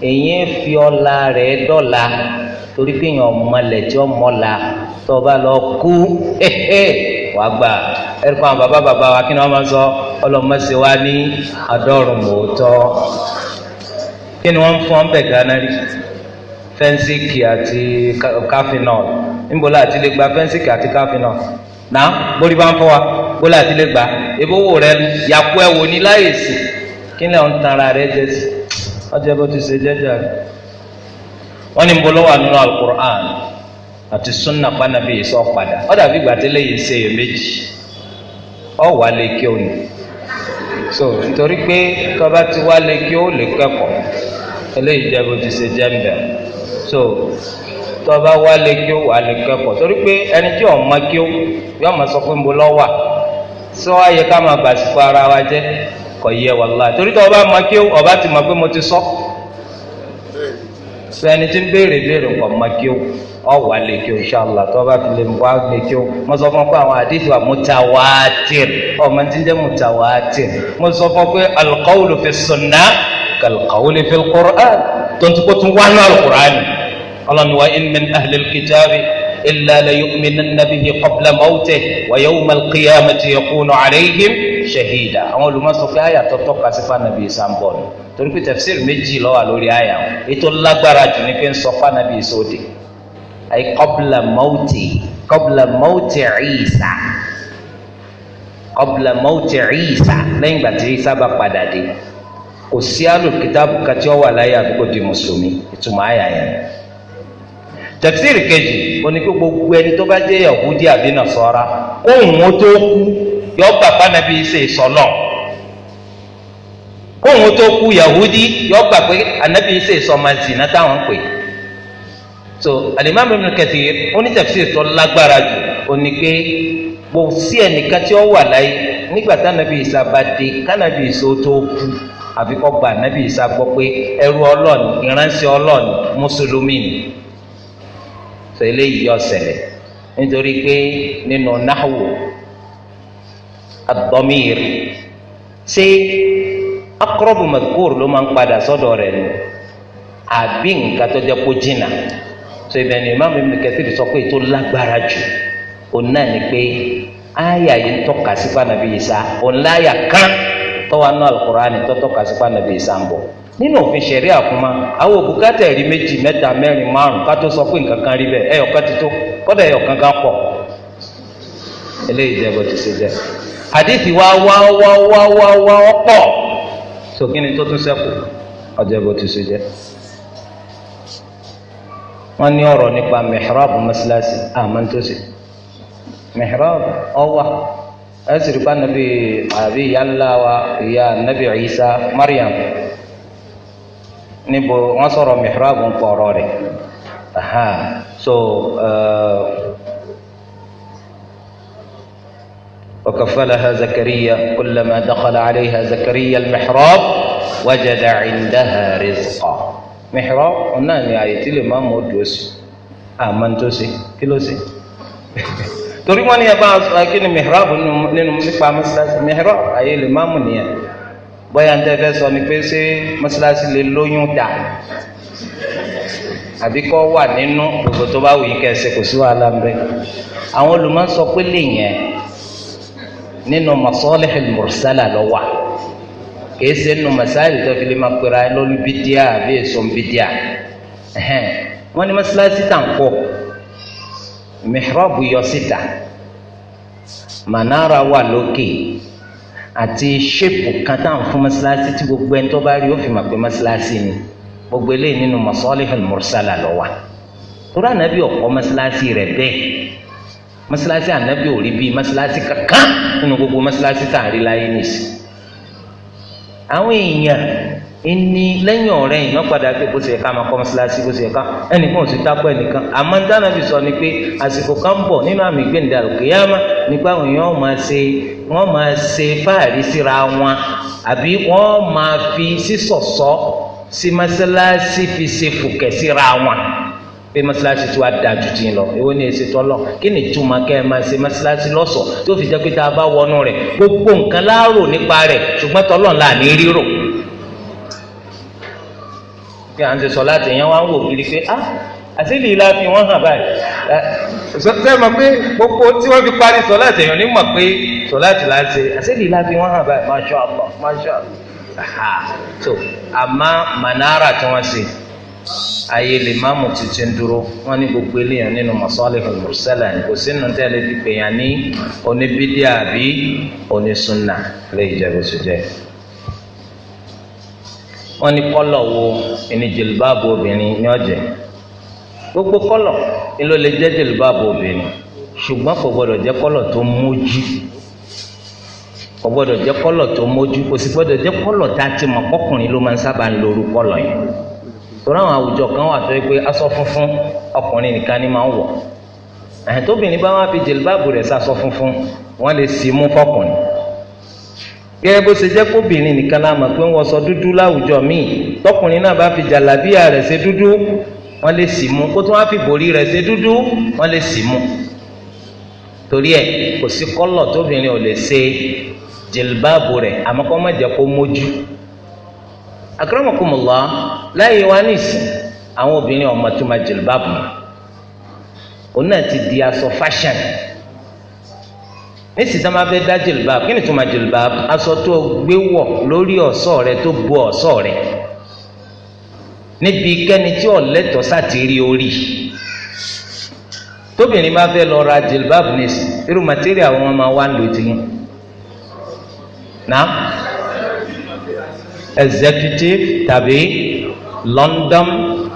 èyí ń fi ọlá rẹ̀ dọ́là torí pé èèyàn mọlẹ̀ tí ó mọ̀la tó o bá lọ kú wàá gbà ẹ̀rí kan bàbá bàbá wa kí ni wọ́n máa ń sọ ọlọ́mọṣẹ́ wa ní àdọ́rùn mòótọ́ kí ni wọ́n ń fọ́n bẹ̀ gánà rí fẹ́ńsìkì àti káfínọ̀lù níbo láti lè gba fẹ́ńsìkì àti káfínọ̀lù náà bórí bá ń fọ́ wa bó láti lè gbà ebówó rẹ yàkú ẹ̀ wò ní láyè sí kí ni wọ́n ń rẹ jẹ sí ọjọ́ bó ti ṣe jẹ́jẹ́ wọ́n ní bọ́lọ́ wà nínú alukur'an àti sunna panabi yìí sọ padà ó dàbí ìgbà tẹ́lẹ̀ yìí méjì ọ wà lè kí o ní so nítorí pé tọ́ba ti wá lè kí o lè kẹ́kọ̀ọ́ eléyìí jẹ́ ti ṣe jẹ́ ń so tọ́ba wá lè kí o wà lè kẹ́kọ̀ọ́ torí pé ẹni tí ò mọ kí o yóò máa sọ pé ń wà sọ ayé ká máa bàṣìkò ara wa jẹ́ kò yẹ wàlúwà torí tọ́ba mọ kí o ọba ti mọ pé mo ti sọ. So, sọ ẹni tí ń béèrè béèrè nǹkan mọ kí o ọ wà lè kí o ṣàlà tó bá fi lè wá lè kí o mo sọ fún ọ pé àwọn àdìsí wa mutawatir ọmọ tí ń jẹ mutawatir mo sọ fún pé alqawlu fi sunnah kalqawli fi alqur'an tó ń ní alqur'an ọlọ́ni wa in min ahli alkitabi. إلا ليؤمنن به قبل موته ويوم القيامة يكون عليهم shahida àwọn olùmọ̀sọ̀fẹ́ àyà tó tọ́ka sí fanabi isa ń bọ̀ ni torí pé tafsir méjì ló wà lórí àyà wọn ètò lágbára jù ní pé ń sọ fanabi isa òde àyè qabla mawti qabla mawti isa qabla mawti isa lẹ́yìn ìgbà tí isa bá padà dé kò sí alùkìtàbù kàtí ọ̀wà láyé àdúgbò di mùsùlùmí ìtumọ̀ àyà yẹn tafsir kejì oníkó gbogbo ẹni tó bá jẹ́ yahudi yọ gbàgbá nàbí ṣe sọlọ kóhun tó kú yahudi yọ gbà pé anabi ṣe sọma zina táwọn pè so alimami Ibn Kathir onítafsir tó lágbára jù ó pé kò sí ẹnìkan tí ó wà láyé nígbà tánabi Isa bá dé kánabi Isa tó kú àfi kọ́ anabi Isa gbọ́ pé ẹrú ìránṣẹ́ mùsùlùmí ni so eléyìí yọ ṣẹlẹ̀ nítorí pé nínú ad-damir ṣé aqrabu madhkur ló máa ń padà sọ́dọ̀ rẹ̀ ni àbí nǹkan tó jẹ́ kó jìnnà tó ibẹ̀ ni Imam Ibn Kathir sọ pé tó lágbára jù òun náà ni pé àyà yìí ń tọ́ka sí fanabi Isa òun láyà kán tọ́wọ́ náà al-Qur'ani tó tọ́ka sí fanabi Isa ń bọ̀ nínú òfin ṣẹ̀rí àkúnmá àwọn òbúkátà ẹ̀rí méjì mẹ́ta mẹ́rin márùn ká tó sọ pé nǹkan kan rí bẹ́ẹ̀ ẹ̀yọ̀kan ti tó kọ́dà ẹ̀yọ̀kan kan pọ̀ eléyìí jẹ́ bó ti ṣe jẹ́ àdìsí wa wá wá wá wá wá ọ̀pọ̀ sókínni tó tún ṣẹ́kù ọjọ́ ìbò tó ṣe jẹ́ wọ́n ní ọ̀rọ̀ nípa mihrab mọ́sálásí àmọ́ntòsí mihrab ọwà ẹsìrì pa nàbí àbí ìyá ńlá wa ìyá nàbí Ìsá Maryam níbo wọ́n sọ̀rọ̀ mihrab ń pọ̀ ọ̀rọ̀ rẹ̀ so. Uh, وكفلها زكريا كلما دخل عليها زكريا المحراب وجد عندها رزقا محراب قلنا ni àyè tí lè máa mú ojú oṣù àmọ́ tó ṣe kí ló ṣe torí wọn ni ẹbá aṣọ kí ni mihrab nínú nípa mọ́ṣáláṣí mihrab àyè lè máa mú nìyẹn bóyá níta fẹ́ sọ ni pé ṣé mọ́ṣáláṣí lè lóyún dà àbí kọ́ wà nínú gbogbo tó bá wù yín kẹ́ ẹ ṣe kò sí wàhálà ń bẹ àwọn olùmọ̀ sọ pé lè yẹn nínú masalih al-mursala lọ wà kìí ṣe nínú masáyìí tó fi lè máa pera ẹ lórí bídíà àbí èso bídíà wọn ní mọ́sálásí tà ń kọ́ mihrab yọ síta manara wà lókè àti ṣépù kan tá à ń fún mọ́sálásí tí gbogbo ẹni tó bá rí ó fi mọ̀ pé mọ́sálásí ni gbogbo eléyìí nínú masalih al-mursala lọ ànábì ọ̀pọ̀ mọ́sálásí rẹ̀ bẹ́ẹ̀ mọ́sálásí ànábì ò rí bíi mọ́sálásí kankan nínú gbogbo mọ́sálásí tá à ń rí láyé nìsí. àwọn èèyàn ìní lẹ́yìn ọ̀rẹ́ yìí wọ́n padà pé kó sì ẹ̀ka máa kọ́ mọ́sálásí kó sì ẹ̀ka ẹnìkan ò sì dápọ̀ ẹnìkan àmọ́ dáná fi sọ ni pé àsìkò kan bọ̀ nínú àmì ìgbéǹda àlùkìyámà nípa àwọn èèyàn wọ́n máa ṣe wọ́n máa ṣe fáàrí síra wọn àbí wọ́n máa fi sísọ̀sọ́ sí mọ́sálásí fi ṣe fùkẹ́ síra wọn pé mọ́sálásí tí wàá da jù ti lọ èwo ni èsì tọ́lọ̀ kí ni túmọ̀ kẹ́ ẹ máa ṣe mọ́sálásí lọ́sọ̀ tí ó fi jẹ́ pé tá a bá wọnú rẹ̀ gbogbo nǹkan láàrò nípa rẹ̀ ṣùgbọ́n tọ́lọ̀ ńlá ní rírò. bí à ń ṣe sọ láti yẹn wá wò kiri pé ah àti lè la fi wọ́n hàn báyìí. sọ́tẹ́ mọ̀ pé gbogbo tí wọ́n fi parí sọ láti èèyàn ní mọ̀ pé sọ láti láti àti lè la fi wọ́n hàn báyìí masha Allah masha Allah. so àmọ́ manara tí wọ́n ṣe ayé lè má mú tuntun dúró wọn ní gbogbo eléyàn nínú masalihul mursala kò sínú tẹ́lẹ̀ fi pè yàn ní oníbídíà àbí onísùnà lè jẹ́ bó ṣe jẹ́. wọn ní kọ́lọ̀ wo ẹni jìlbáàbù obìnrin ní ọ̀jẹ̀ gbogbo kọ́lọ̀ ni ló lè jẹ́ jìlbáàbù obìnrin ṣùgbọ́n kò gbọ́dọ̀ jẹ́ kọ́lọ̀ tó mójú kò gbọ́dọ̀ jẹ́ kọ́lọ̀ tó mójú kò sì gbọ́dọ̀ jẹ́ kọ́lọ̀ tá a ti mọ̀ kọ́kùnrin ló máa ń sábà ń lo orú kọ́lọ̀ sọ̀rọ̀ àwọn àwùjọ kan wà tó yẹ pé aṣọ funfun ọkùnrin nìkan ni máa ń wọ̀ àyẹ̀tóbìnrin bá wọn fi jìlbáàbù rẹ̀ sasọ funfun wọn lè sì mú fọkùnrin gẹ́gẹ́ bó ṣe jẹ́ kóbìnrin nìkan la mọ̀ pé ń wọṣọ dúdú láwùjọ míì tọkùnrin náà bá fi jàlábíà rẹ̀ ṣe dúdú wọn lè sì mú kó tó wọn fi bòrí rẹ̀ ṣe dúdú wọn lè sì mú torí ẹ̀ kò sí kọ́lọ̀ tóbìnrin ò lè ṣe jìlbáàbù rẹ̀ àmọ́ kó má jẹ́ kó mójú akramakumullah láyé wa nísìn àwọn obìnrin ọmọ tó máa jìlbáàbù òun náà ti di aṣọ fashion nísìsiyìí tá a máa fẹ́ dá jìlbáàbù kí ni tó máa jìlbáàbù aṣọ tó gbé wọ̀ lórí ọ̀ṣọ́ rẹ tó bo ọ̀ṣọ́ rẹ níbi kẹ́ni tí ọ̀lẹ́tọ̀ sátìrí orí tóbìnrin bá fẹ́ lọ ra jìlbáàbù nísìsiyìí irú màtíríà wọn máa wá lò tiyín náà executive tàbí London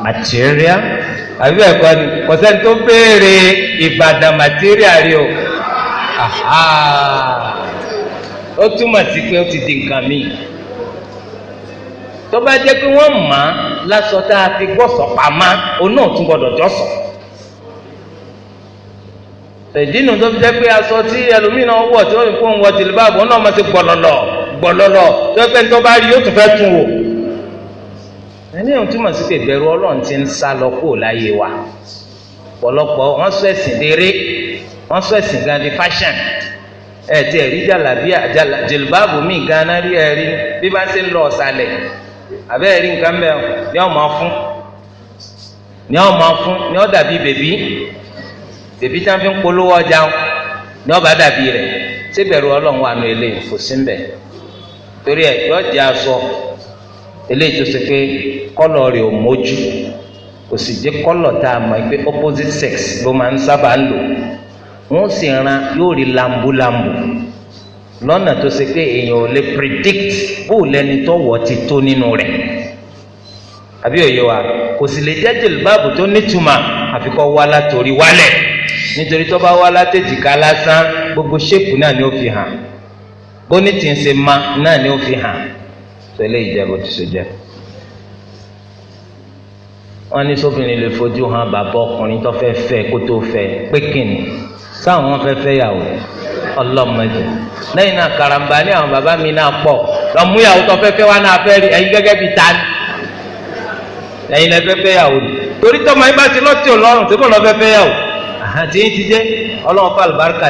material àbí ẹ̀kọ́ ni kò sẹ́ni tó béèrè Ìbàdàn material rí o ó túmọ̀ sí pé ó ti di nǹkan mi tó bá jẹ́ pé wọ́n mọ̀ á lásọ tá a fi gbọ́sọ̀ pamọ́ òun náà tún gbọ́dọ̀ jọ́sọ̀ ìdí nu tó fi jẹ́ pé aṣọ tí ẹlòmíràn wọ̀ tí wọ́n fi fóun wọ tìlúbàbọ̀ náà máa ti gbọ̀lọ̀lọ̀ gbọlọlọ tó pẹ́ tó bá rí yóò tún fẹ́ tún wò. ẹni ohun túmọ̀ sí pé bẹ̀rù ọlọ́run ti ń sá lọ kó láyé wa pọ̀lọpọ̀ wọ́n sọ ẹ̀sìn déré wọ́n sọ ẹ̀sìn gan di fashion ẹ̀ tí ẹ̀rí jàlábíà jìlbáàbù míì gan rí ẹ̀rí bí bá ṣe ń lọ ọ̀sàlẹ̀ àbẹ́ ẹ̀rí nǹkan bẹ́ẹ̀ ni ọ̀ máa fún ni ọ̀ máa fún ni ọ̀ dàbí bèbí bèbí tí wọ́n fi ń polówó ọjà ni ọ̀ bá dàbí rẹ̀ síbẹ̀rù ọlọ́run wà nù eléyìí kò sí ń torí ẹ̀ yọ jẹ́ aṣọ eléyìí tó ṣe pé kọ́lọ̀ rẹ̀ ò mójú kò sì jẹ́ kọ́lọ̀ tá a mọ̀ pé opposite sex ló máa ń sábà ń lò wọ́n sì ran yóò rí lambulambu lọ́nà tó ṣe pé èèyàn ò lè predict bó lẹni tó wọ̀ ti tó nínú rẹ̀ àbí òye wa kò sì lè jẹ́ jìlbáàbù tó nítumọ̀ àfi kó wá látòrí wálẹ̀ nítorí tó bá wá látèjìká lásán gbogbo ṣépù náà ni ó fi hàn bóní tí ma náà ni ó fi hàn ti wọn ní sófin lè fojú hàn bàbá ọkùnrin tó fẹ́ fẹ́ kó tó fẹ́ pé kìnnì sáwọn fẹ́ karamba ní àwọn bàbá mi náà pọ̀ lọ́múyàwó tó fẹ́ fẹ́ wá náà fẹ́ rí ẹ̀yin gẹ́gẹ́ bíi tani yàwó torí yín bá ti tó yàwó yín ti fà lùbáríkà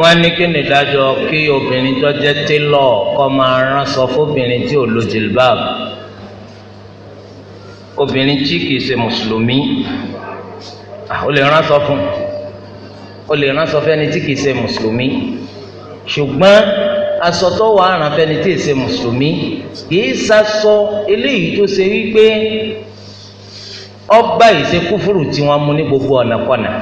wọ́n ní kí ni ìdájọ́ kí obìnrin tó jẹ́ télọ̀ kó máa ránṣọ fóbìnrin tí ò lo jilbab obìnrin tí kìí ṣe mùsùlùmí ó lè ránṣọ fún ó lè ránṣọ fẹ́ni tí kìí ṣe mùsùlùmí ṣùgbọ́n aṣọ tó wà rán fẹ́ni tí kìí ṣe mùsùlùmí kìí ṣaṣọ eléyìí tó ṣe wípé ọba ìṣekúfùrù tí wọ́n mú ní gbogbo ọ̀nàkọ̀nà.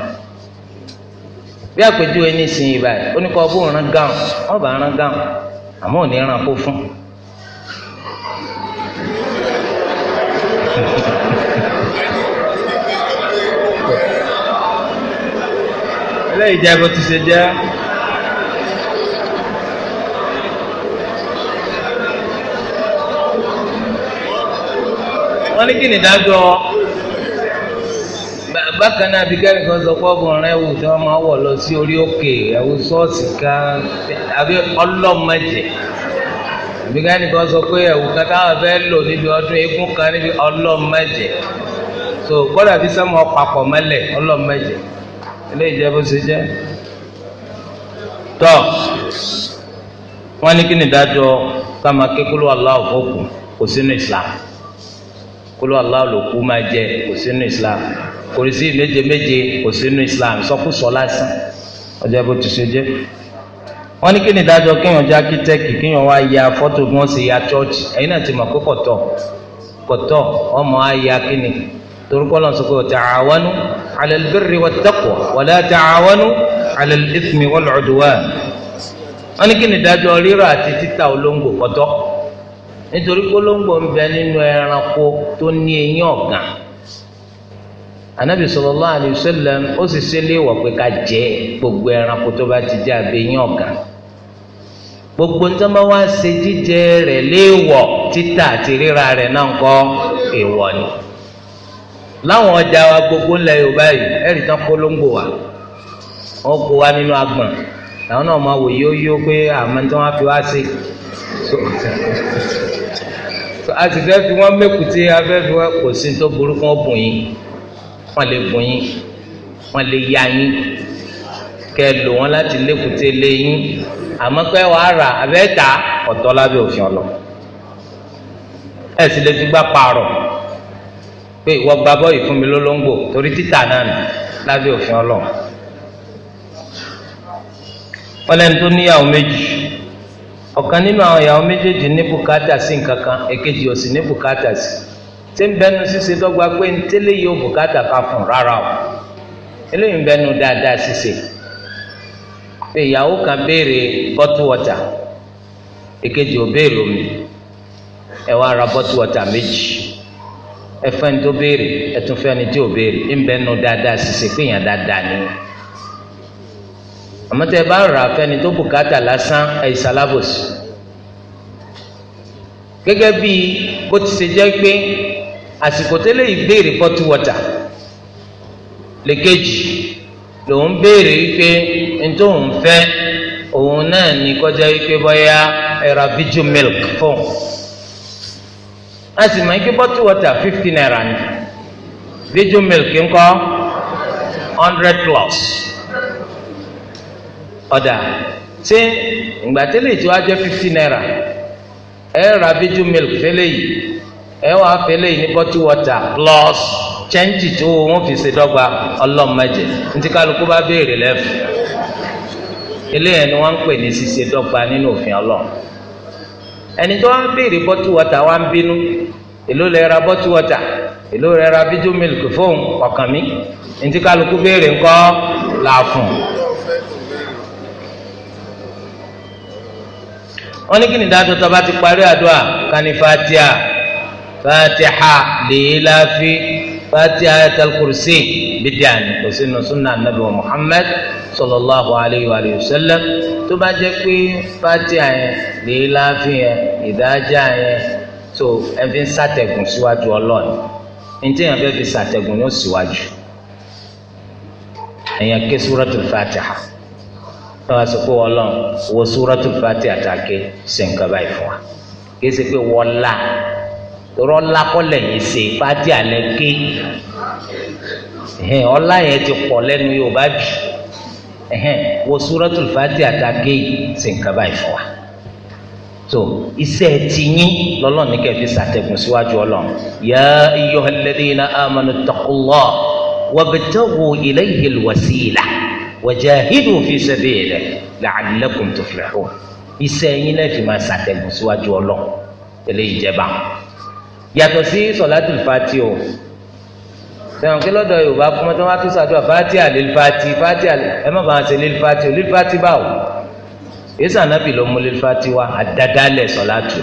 bí àpèjúwe nísìnyí báyìí ó ní kọ́ bó ń rán gáwọn bá rán gáwọn àmọ́ ò ní kó fún. eléyìí jẹ́ bó ti ṣe jẹ́. wọ́n ní kí bákan náà abigari kan sọ pé ọkùnrin ẹwù tí wọn máa wọ lọ sí orí òkè ẹwù ṣọ́ọ̀ṣì kan àbí ọlọmọdé abigari kan sọ pé ẹwù kan táwọn fẹẹ lò níbi ọdún eégún kan níbi ọlọmọdé so gbọ́dọ̀ àbí sọmọ papọ̀ mẹlẹ ọlọmọdé ilé ìjẹbù ṣe jẹ tọ wọn ní kí ni dájọ ká máa ké kúlú aláwọ fọkù kò sínú islam kúlú aláwọ lòkú máa jẹ kò sínú islam oríṣi méje méje kò sínú islam sọkúsọ lásán ọjọ́ bó ti ṣe jẹ́ wọ́n ní kí ni ìdájọ́ kéèyàn jẹ́ akítẹ́kì kéèyàn wá ya fọ́tò bí wọ́n ṣe ya chọ́ọ̀chì ẹ̀yin náà ti mọ̀ pé kọ̀tọ̀ kọ̀tọ̀ ọmọ ayé akíni torúkọ sọ pé ta'awanu 'ala al-birri wat-taqwa wa la ta'awanu 'ala al-ithmi wal-'udwan wọ́n ní kí ni ìdájọ́ rírà àti títà olóńgbò kọ̀tọ̀ nítorí pé olóńgbò ń bẹ nínú ẹranko tó ní eyín ọ̀gàn anabi sallallahu alayhi wa sallam ó sì ṣẹlẹ wọ pé ká jẹ gbogbo ẹranko tó bá ti jẹ abẹyìn ọgàn gbogbo ń tán bá wá ṣe jíjẹ rẹ̀ léèwọ̀ títà àti ríra rẹ̀ náà ń èèwọ̀ ni láwọn ọjà wa gbogbo ńlẹ̀ Yorùbá yìí ẹ̀rí tán polongo wa wọn kó wa nínú agbọ̀n làwọn náà máa wò yóò yóò pé àmọ́ tí wọ́n fi wá sí a sì fẹ́ fi wọ́n mẹ́kùtì a fẹ́ fi wọ́n kò sí tó burúkú ọ̀bùn yìí wọ́n lè gùn yín wọ́n lè ya yín kẹ́ lò wọ́n láti lékùté lé yín àmọ́ pé wàá rà abẹ́ ta ọ̀tọ̀ lábẹ́ òfin ọ̀lọ́ ẹ̀ sì lè fi gbá pààrọ̀ pé ìwọ gba bọ́ọ̀lù fún mi lólóńgbò torí títà náà nì lábẹ́ òfin ọlọ́run wọ́n tó níyàwó méjì ọ̀kan nínú àwọn ìyàwó méjèèjì ní bùkátà sí nǹkan kan èkejì ò ní bùkátà sí tí ń bẹnu ṣíṣe dọ́gba pé ń tẹ́lẹ̀ yóò bùkátà ká fún rárá o eléyìí ń bẹnu dáadáa ṣíṣe pé ìyàwó kan béèrè bọ́tù wọ́tà èkejì ò béèrè omi ẹ wá ra bọ́tù wọ́tà méjì ẹ fẹ́ ni tó béèrè ẹ tún fẹ́ ni tí ò béèrè ń bẹnu dáadáa ṣíṣe pé èèyàn dáadáa ni àmọ́ tẹ́ ẹ bá rà fẹ́ni tó bùkátà lásán ẹ̀ ìsalábòsì gẹ́gẹ́ bó ti ṣe jẹ́ pé àsìkò tẹ́lẹ̀ yìí béèrè pọ́tù wọ́tà lẹ́kẹ́jì lòun béèrè wípé ntọ́ òun fẹ́ òun náà ní kọjá wípé bọ́yá ẹ̀rọ vigil milk fún un a sì mọ̀ ike bọ́tù wọ́tà fifty naira ni vigil milk ńkọ́ hundred plus ọ̀dà ṣé ìgbà tẹ́lẹ̀ tí wàá jẹ́ fifty naira ẹ̀rọ vigil milk tẹ́lẹ̀ yìí ẹ wàá fẹlẹ yìí ní bottle water plus chẹ́ńtì tó wọ́n fi ṣe dọ́gba ọlọ́mọdé ntí kálukú bá béèrè lẹ́fù eléyìí ni wọ́n ń pè ní ṣíṣe dọ́gba nínú òfin ọlọ́run ẹni tó wá ń béèrè bottle water wá ń bínú èló lè ra bottle water èló lè ra bíjú mílìkì fóun ọ̀kàn mi ntí kálukú béèrè ńkọ́ làáfùn. wọ́n ní kí ni dájọ́ tó bá ti parí àdúrà kanifatia fatiha lèélàfi fatiha ayatul kursi bídíàní kò sínú sunna anabi wa muhammad sallallahu alayhi wa sallam tó bá jẹ́ pé fatiha yẹn lèélàfi yẹn ìdájà yẹn tó ẹbí ń sàtẹ̀gùn síwájú ọlọ́ọ̀ni ntí yẹn fẹ́ fi sàtẹ̀gùn yóò síwájú ẹ̀yàn ké suratul fatiha wọ́n sọ pé wọ́n suratul fatiha tá ké ṣe kí ẹ sẹ́ pé wọ́n rọ́lá kọ́lẹ̀ yìí ṣe fati alẹ́ ké ọlá yẹn ti pọ̀ lẹ́nu yorùbá jù wo suratul fati àtàké yìí ṣe nǹkan báyìí fún wa so iṣẹ́ ti yín lọ́lọ́run ní kẹfì ṣàtẹ̀gùn síwájú ọlọ́run ya ayyuhal ladhina amanu taqullah wabtaghu ilayhi alwasila wajahidu fi sabilihi la'allakum tuflihun iṣẹ́ yín lẹ́fì máa ṣàtẹ̀gùn síwájú ọlọ́run eléyìí jẹ́ yàtọ̀ sí sọ̀látù fati o sẹ́wọ̀n kí lọ́dọ̀ yorùbá kọ́mọ́ tí wọ́n á tún sàdúrà fati àlèlè fati fati ẹ má bàa ṣe lèlè fati o lèlè fati báwo yéésù ànábì ló mú lèlè fati wá àdádálẹ̀ sọ̀látù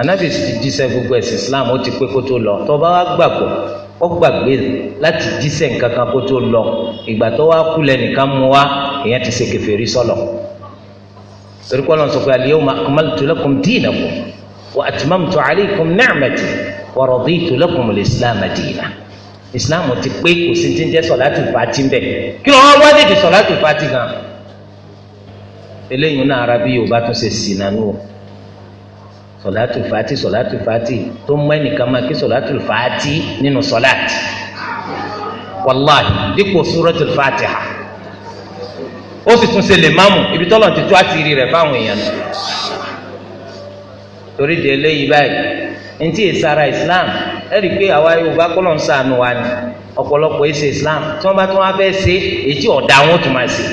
ànábì sì ti jíṣẹ́ gbogbo ẹ̀sìn islam ó ti pé kó tó lọ tó bá wá gbàgbọ́ ó gbàgbé láti jíṣẹ́ nǹkan kan kó tó lọ ìgbà tó wá kú lẹ́nìkan mú wá ìyẹn ti ṣe kèfèrí sọ̀lọ̀ torí kọ́ lọ́n sọ pé al wa عليكم نعمتي ورضيت لكم raditu دينا al-islam diina islam ti pé kò sí ti ń jẹ́ sọ̀látù fati ń bẹ̀ kí wọ́n wá dédé sọ̀látù fati gan eléyìí náà ara bí yorùbá tún ṣe sì nánú o sọ̀látù fati sọ̀látù fati tó mọ ẹnìkan máa kí sọ̀látù fati nínú sọ̀látù wàláhì dípò súrọ́tù fatiha ó sì tún ṣe lè máàmù ibi tọ́lọ̀ ti tú àtìrí rẹ̀ fáwọn èèyàn náà torí di eléyìí báyìí ntí ìsara islam ẹ̀rí pé àwa yorùbá kọ́ ló ń sànù wa ni ọ̀pọ̀lọpọ̀ ẹ̀sẹ̀ islam tí wọ́n bá tún wá fẹ́ ṣe èyí ọ̀dà wọn tún máa ṣe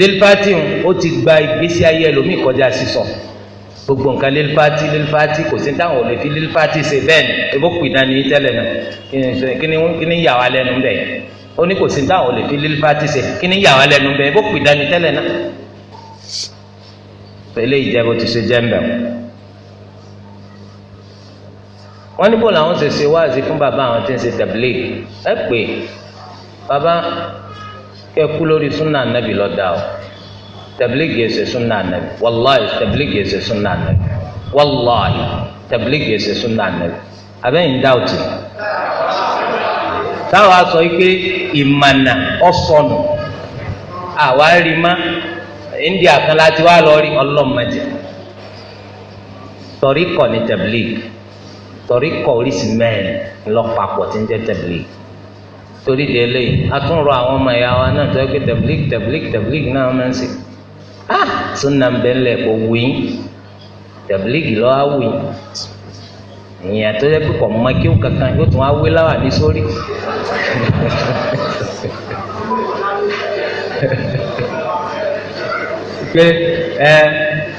lilfati ń ó ti gba ìgbésí ayé ẹlòmíì kọjá sísọ gbogbo nǹkan lilfati lilfati kò sí táwọn ò fi lilfati ṣe bẹ́ẹ̀ ni ebó pè dání tẹ́lẹ̀ náà kí ni yà wá lẹ́nu bẹ́ẹ̀ ó ní kò sí táwọn ò fi lilfati ṣe kí ni yà wá lẹ́nu bẹ́ẹ̀ ebó pè dání tẹ́lẹ̀ náà eléyìí jẹ́ bó ti ṣe jẹ́ mbẹ́ wọ́n ní bó làwọn ṣe ṣe wáàzí fún bàbá àwọn tí ń ṣe tẹ̀blé ẹ pé bàbá kẹ kú lórí súnà nàbì lọ́dà o tẹ̀blé kìí ṣe súnà nàbì wàláì tẹ̀blé kìí ṣe súnà nàbì wàláì tẹ̀blé kìí ṣe súnà nàbì abẹ́yìn dáùtì táwọn aṣọ yìí pé ìmànà ọ̀sọ̀nù àwa rí ma India kan láti wá lọ rí ọlọ́mọdé torí kọ ní tẹ̀blík torí kọ oríṣi mẹ́rin lọ́pàpọ̀ tí ń jẹ́ tẹ̀blík torí de eléyìí a tún rọ àwọn ọmọ ìyá wa náà tó yẹ pé tẹ̀blík tẹ̀blík náà máa ń sè ah sunna bẹ́ńlẹ̀ kò wù yín tẹ̀blík lọ́ á wù yín ìyẹn tó yẹ pé kò mọ kí ó kankan yóò tún á láwà ní sórí. pé ẹ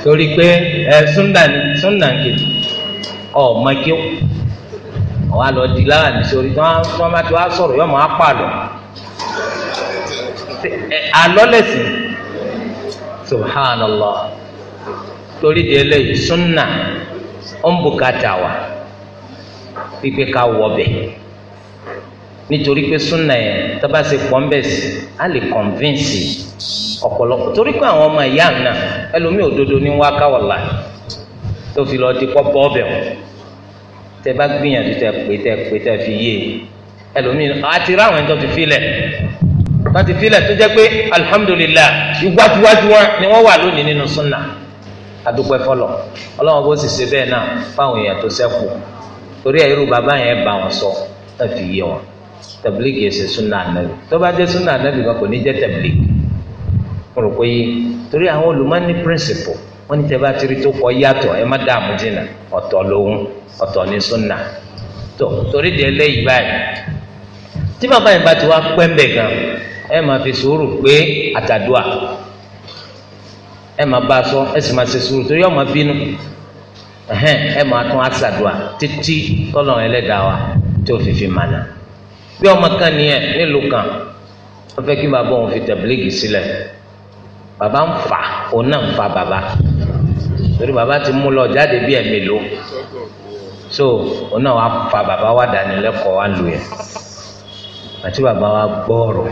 torí pé ẹ súnà ọ mọ̀kí ọmọ kí lọ di lára nítorí tí wọn bá ti wá sọ̀rọ̀ yọmọ apá lọ alọlẹsìn subhanallah torí di eléyìí súnà ó ń bùkátà wa pípé ká wọ bẹ́ẹ̀. nítorí pé súnà yẹn tó bá ṣe pọ̀ ń bẹ̀ sí á lè kọ̀nvínsì ọ̀pọ̀lọpọ̀ torí pé àwọn ọmọ ìyá àná ẹlòmíì òdodo ní wá káwọ̀lá tó fi lọ́ọ́ di pọ́ bọ́ọ̀bẹ̀ wọn tẹ bá gbìyànjú tẹ pé tẹ pé tẹ fi yé ẹlòmíì àti ráwọn ẹni tó ti filẹ̀ tó ti filẹ̀ tó jẹ́ pé alihamudulilayi iwájúwájú wọn ni wọ́n wà lónìí nínú súnà adúpẹ́ fọlọ́ ọlọ́wọ́n bó sì ṣe bẹ́ẹ̀ náà tablik yìí ṣe sunna anabi tó bá jẹ́ sunna anabi kan kò ní jẹ́ tablik mo rò pé torí àwọn olùmọ́ni principle wọ́n ní tẹ́lá tó kọ yàtọ̀ ẹ má dààmú jìnnà ọ̀tọ̀ lòun ọ̀tọ̀ ní tó torí de eléyìí báyìí tí bàbá yìí bá ti wá pẹ́ńbẹ̀ gan ẹ máa fi sùúrù pé àtàdúà ẹ máa bá a sọ ẹ sì máa ṣe sùúrù torí ọmọ bínú ẹ máa tún àṣàdúà títí wa mànà. sí ọmọ kan nìyẹn nílùú kan wọ́n fẹ́ kí bàbá òun fi tẹ̀blígì sílẹ̀ bàbá ń fà òun náà ń fà bàbá torí bàbá ti mú lọ jáde bí ẹ̀mí lò so òun náà wà fà bàbá wà dánilẹ́kọ̀ọ́ wà lù yẹn àti bàbá wa gbọ́ ọ̀rọ̀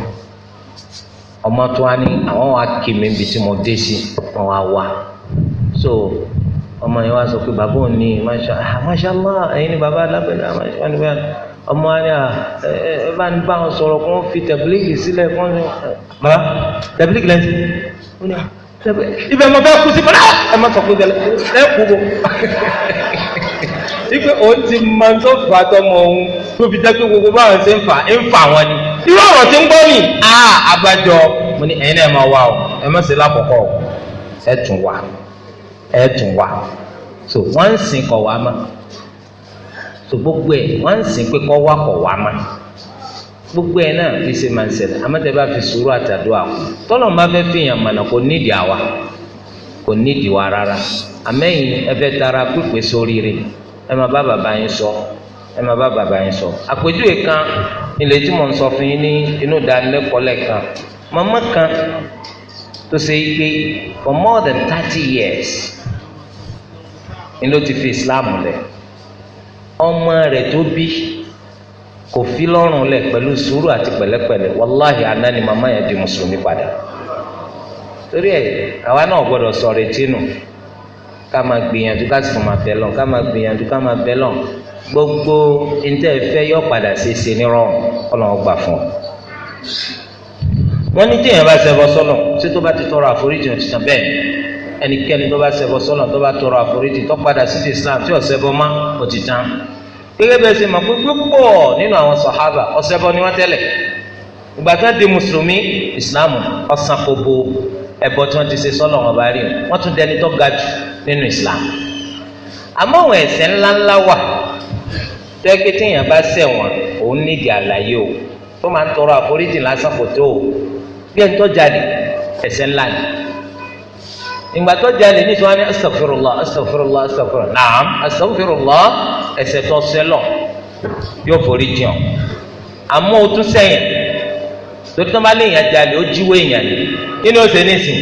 ọmọ tó wá ní àwọn wa kì mí ibi tí mo dé sí wọn wá wá so ọmọ yẹn wá sọ pé bàbá òun ní masha ah, Allah ẹ̀yin ni bàbá alábẹ́lẹ́ masha Allah ọmọ wa ni à ẹ bá ń bá wọn sọ̀rọ̀ kó wọ́n fi tẹ̀bílíkì sílẹ̀ kó wọ́n bàbá tẹ̀bílíkì lẹ́sìn ó ní à ibẹ̀ mo bẹ́ẹ̀ kú sí fọlá ẹ má sọ pé bẹ́ẹ̀ kú bò ipe òun ti máa tó fà tọmọ òun tó fi jẹ́ pé gbogbo báwọn ṣe ń fà ń fà wọn ni irú ọ̀rọ̀ tí ń gbọ́ mi á abájọ mo ní ẹ̀yin náà máa wá o ẹ má ṣe lákọ̀ọ́kọ́ o ẹ tún wá ẹ tún wá so wọ́n ń sìn kọ̀ wá mọ́. so gbogbo ẹ̀ wọ́n ń pé gbogbo ẹ̀ náà fi ṣe máa ń bá fi sùúrù àtàdúrà kù tọ́lọ̀ máa fẹ́ fi hàn mọ̀nà kò nídìí àwa kò nídìí wa rárá àmẹ́yìn ẹ tara pípé sóríire ẹ máa bá bàbá yín sọ ẹ kan ilé tí mo ń sọ fún yín ní inú kan tó ṣe é for more than thirty years ni ló ti fi Islam ọmọ rẹ tó bí kò fi lọrùn lẹ̀ pẹ̀lú sùúrù àti pẹ̀lẹ́pẹ̀lẹ́ wàláhì àná ni màmá yẹn di mùsùlùmí padà torí ẹ̀ àwa náà gbọdọ etí nù ká máa gbìyànjú ká sì máa bẹ lọ ká máa gbìyànjú ká máa bẹ gbogbo yọ padà ṣeéṣe gbà fún ọ. ní téèyàn bá sọlọ ṣé ẹnikẹ́ni tó bá ṣẹbọ sọ́nà tó bá tọrọ àforíjì tó padà sí Islam tí ọ̀ṣẹbọ má kò ti tán gẹ́gẹ́ bẹ́ẹ̀ ṣe mọ̀ pé púpọ̀ nínú àwọn sàhábà ọ̀ṣẹbọ ni wọ́n tẹ́lẹ̀ ìgbà tó di mùsùlùmí Islam ọ̀sán kò bo ẹbọ tí wọ́n ti ṣe sọ́nà wọn bá rí o wọ́n tún dẹni tó ga jù nínú Islam àmọ́ àwọn ẹ̀ṣẹ̀ ńláńlá wà tó ẹgbẹ́ téèyàn bá ṣẹ̀ wọ́n òun nídìí àlàyé o tó máa ń tọrọ àforíjì lásán kò tó o bí ẹni tó ìgbà tó jalè ní sọ́wọ́n ní astaghfirullah astaghfirullah astaghfirullah naam astaghfirullah ẹ̀ṣẹ̀ tó sẹ́lọ̀ yóò forí jìn ọ́ àmọ́ o tún sẹ́yìn torí tó bá lè yàn ó jíwó èèyàn kí ni ó ṣe nísìn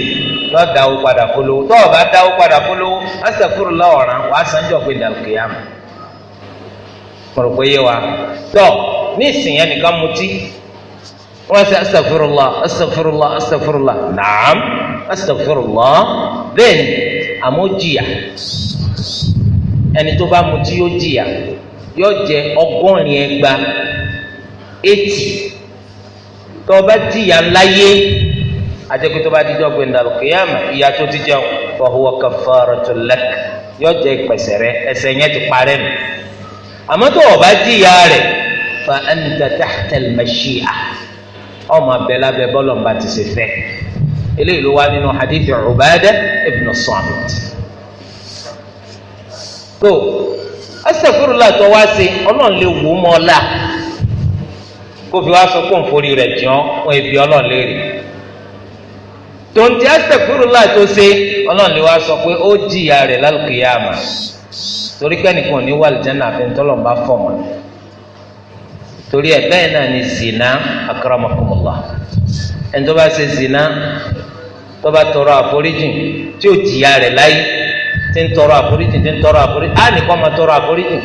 lọ́ dáwó padà polówó tó o bá dáwó padà polówó astaghfirullah ọ̀ràn wàá sanjọ́ pé dàlùkìyàmù mọ̀rọ̀ pé yé wa tọ́ ní ìsìn yẹn nìkan mutí wọ́n ṣe astagfirullah astagfirullah astagfirullah naam astagfirullah bẹ́ẹ̀ ni àmọ́ jìyà ẹni tó bá mutí yóò jìyà yóò jẹ ọgọ́rin ẹgba eighty tó o bá jìyà ńlá yé àjẹkù tó bá di dọ́gba ìdàlù kìyàmù ìyá tó ti jẹun fa huwa kaffaratul lak yóò jẹ ìpèsè rẹ ẹ̀ṣẹ̀ yẹn ti parẹ́ nù àmọ́ tó o bá jìyà rẹ̀ fa anta tahtal mashi'a ọmọ abẹ lábẹ bọlọ ń bá ti ṣe fẹ eléyìí ló wá nínú hadith Ubadah ibn Samit tó astaghfirullah tó wá sí Ọlọ́run lè wò ó mọ ọlá kó fi wá sọ pé òǹforí rẹ jàn wọn ebi Ọlọ́run lè rí tonti astaghfirullah tó ṣe Ọlọ́run lè wá sọ pé ó jìyà rẹ lálùkìyàmà torí pé ẹnìkan ò ní wà lìjánà àfi ntọ́lọ́mbà fọ̀ mọ́ ni torí ẹ bẹ́ẹ̀ náà ni zina akramakumullah ẹni tó bá ṣe zina tó bá tọrọ àforíjì tí ò jìyà rẹ̀ láyé tí ń tọrọ àforíjì tí ń tọrọ àforíjì á nìkan máa tọrọ àforíjì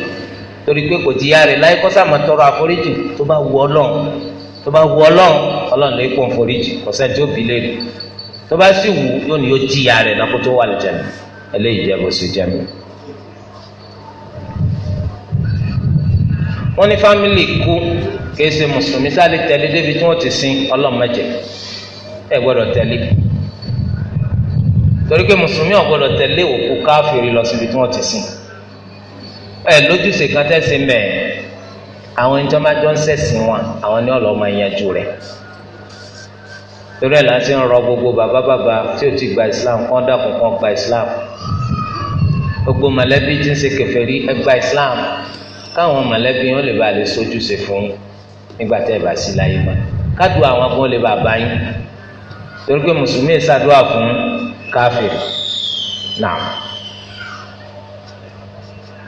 torí pé kò jìyà rẹ̀ láyé kọ́sà máa tọrọ àforíjì tó bá wù ọlọ́run tó bá wù ọlọ́run ọlọ́run lè pọ̀ nforíjì kọ́sà tí ó bí léèrè tó bá sì wù yóò ní yóò jìyà rẹ̀ lọ́kótó wà lẹ́jẹ̀ eléyìí jẹ́ bó ṣe jẹ́ mi. wọ́n ní fámìlì kú kìí ṣe mùsùlùmí sáré tẹ̀lé débi tí wọ́n ti sin ọlọ́mọdé ẹ gbọ́dọ̀ tẹ̀lé torí pé mùsùlùmí ò gbọ́dọ̀ tẹ̀lé òkú káfíìrì lọ síbi tí wọ́n ti sin ẹ lójúṣe kan tẹ̀sí mẹ́ẹ̀ àwọn ẹni tí wọ́n bá jọ ń ṣẹ̀sìn wọn àwọn ni ọlọ́mọ ìyanjú rẹ̀ torí ẹ̀ la ṣe ń rọ gbogbo bàbá bàbá tí ó ti gba Islam kán dàkún kán gba Islam gbogbo mọ̀lẹ́bí tí ń ṣe kèfèrí ẹ gba Islam káwọn mọ̀lẹ́bí wọn lè ba lè sojú ṣe fún nígbà tẹ́ ẹ bá sí láyé mọ́ kádùn àwọn kan lè bá bá yín torí pé mùsùlùmí ṣàdúrà fún káfíìn náà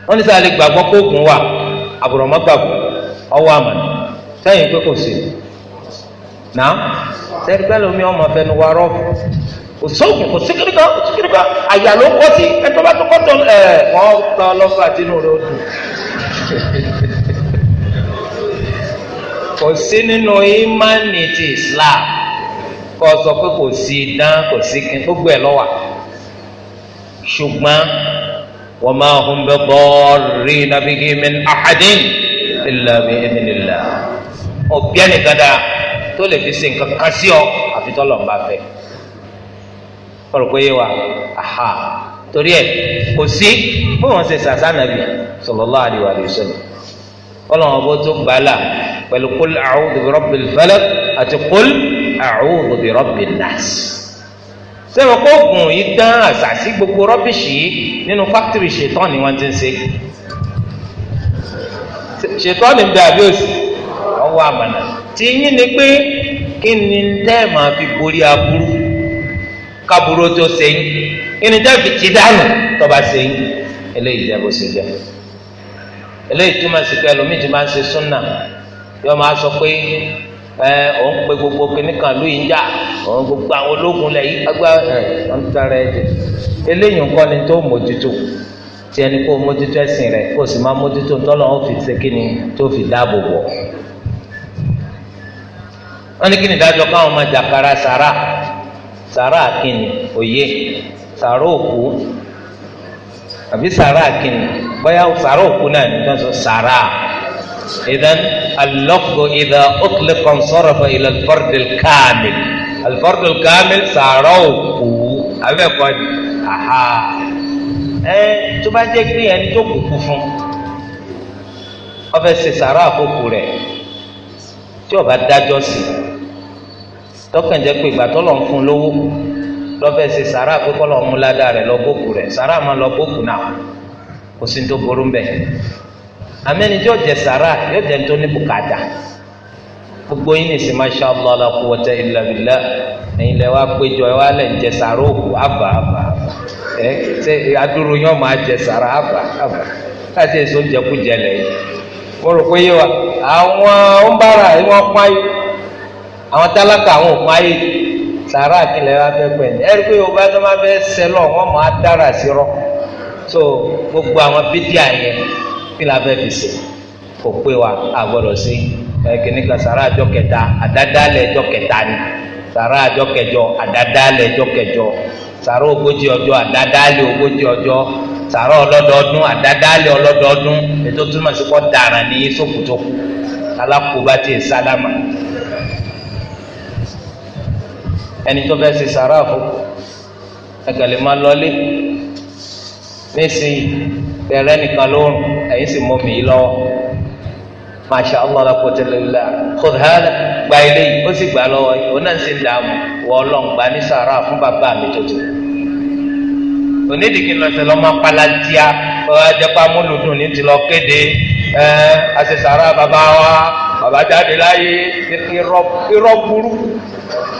wọ́n ní sáà lè gbàgbọ́ pé òkun wà àbùrọ̀mọ́ gbàgbọ́ ọwọ́ àmàlẹ́ sẹ́yìn pé kò sí náà sẹ́yìn pé lómi ọmọ fẹnu wa rọ́ọ̀fù kò sóògùn kò síkiri kan kò síkiri kan àyà ló kọ́ sí ẹ̀tọ́ bá tó kọ́ tó ẹ̀ wọ́n gbọ́ lọ́fà tínú rẹ̀ ó dùn kò sí nínú imani ti islam kò sọ pé kò sí idán kò sí kí gbogbo ẹ̀ lọ́wọ́ ṣùgbọ́n wọ́n máa hun bẹ́ bọ́ọ̀rì nàbíyí min ahadin illa bi idhnillah ọ̀bí ẹnìkan dáa tó lè fi ṣe nǹkan kan sí ọ àfi tọ́lọ̀ ń bá fẹ́ kọ́ pé yé wa aha torí ẹ kò sí bó wọn ṣe sàṣà nàbì sallallahu alaihi wa sallam Ọlọ́run ọbọ tó gbà là pẹ̀lú qul a'udhu bi rabbil falaq àti qul a'udhu bi rabbin nas sẹ́wọ̀n kó gùn yìí tán àṣàṣì gbogbo rọ́bìṣì yìí nínú fákítìrì ṣètọ́ ni wọ́n ti ń ṣe ṣètọ́ ni bẹ́ẹ̀ àbí òsì ọwọ́ àmàlà tí yín ni pé kí ni tẹ́ máa fi borí aburú kaburú tó ṣe yín. irin tẹ́ fi ti dànù tọ́ba ṣe yín eléyìí jẹ́ si ṣe jẹ́ ẹlòmíì ti máa ń ṣe súnà pe gbogbo kìnnìkan lóyún ń jà òun gbogbo àwọn ológun agba yí agbá ẹ̀ ń tara ẹ̀ jẹ eléyìí nǹkan ni tó mójútó tí ẹni kó mójútó ẹ̀sìn rẹ̀ kó sì máa mójútó ó fi ṣe kíni sàrà òkú àbí sàrà kìnnì bóyá sàrà òkú náà ní tó ń sọ sàrà idan alọ́kọ̀ ìdá ọ̀túnlẹ̀ kan sọ̀rọ̀ fún ilẹ̀ alfọ́rdìl káàmìl alfọ́rdìl káàmìl sàrà òkú abẹ́ẹ̀kọ́ ni aha ẹ tó bá jẹ́ pé ẹni tó kù kú fún ọfẹ́ ṣe sàrà àkókò rẹ̀ tí ó bá sí tọkànjẹ́ pé ìgbà tó lọ́n fún lówó lọ́fẹ̀ẹ́ ṣe sàrà pé kọ́ lọ mú ládàá rẹ̀ lọ bókù rẹ̀ sàrà máa lọ bókù náà kò sí tó burú mbẹ amẹni tí yóò jẹ sàrà yóò jẹ tó ní bùkátà gbogbo yín nìsí masha allah la quwwata illa billah ẹ̀yin lẹ wá péjọ ẹ wá lẹ ń jẹ sàrà òkú àbà àbà ẹ ṣe adúrú yóò máa jẹ sàrà àbà àbà láti èso ń jẹkú jẹlẹ yìí mo rò pé yé wa àwọn ń bára ẹ wọn ayé àwọn tálákà àwọn ò ayé sàrà àkìlẹ̀ wa fẹ́ pẹ̀lú ẹ̀rí pé yorùbá tó máa fẹ́ sẹ́lọ̀ wọ́n máa dára sí rọ́ so gbogbo àwọn bídíà yẹn kí la fẹ́ fi ṣe kò pé wa àgbọ̀dọ̀ sí kìnnì kan sàrà àjọ kẹta àdádálẹ̀ ẹjọ́ kẹta ni sàrà àjọ kẹjọ àdádálẹ̀ ẹjọ́ kẹjọ sàrà ogójì ọjọ́ àdádálẹ̀ ogójì ọjọ́ sàrà ọlọ́dọọdún àdádálẹ̀ ọlọ́dọọdún ètò túmọ̀ sí kọ́ dàrán ní sókùtò alákòóbá tiẹ̀ sálámà ẹni tó fẹ́ ṣe sàrà fún ẹgbẹ̀lẹ̀ máa lọlé nísìnyí bẹ̀rẹ̀ nìkan lóorùn ẹ̀yìn sì mọ́ mi lọ́wọ́ masha allah la kóòtù lila kóòtù hàn gba ilé yìí ó sì gbà lọ́wọ́ yìí òun náà sì ń dààmú wọ Ọlọ́run gba ní sàrà fún bàbá mi tuntun onídìgí lọsẹ lọmọ palatia ọjọpá múlùdùn ní ti lọ kéde ẹ àṣẹ sàrà wa bàbá jáde láyé irọ́ burú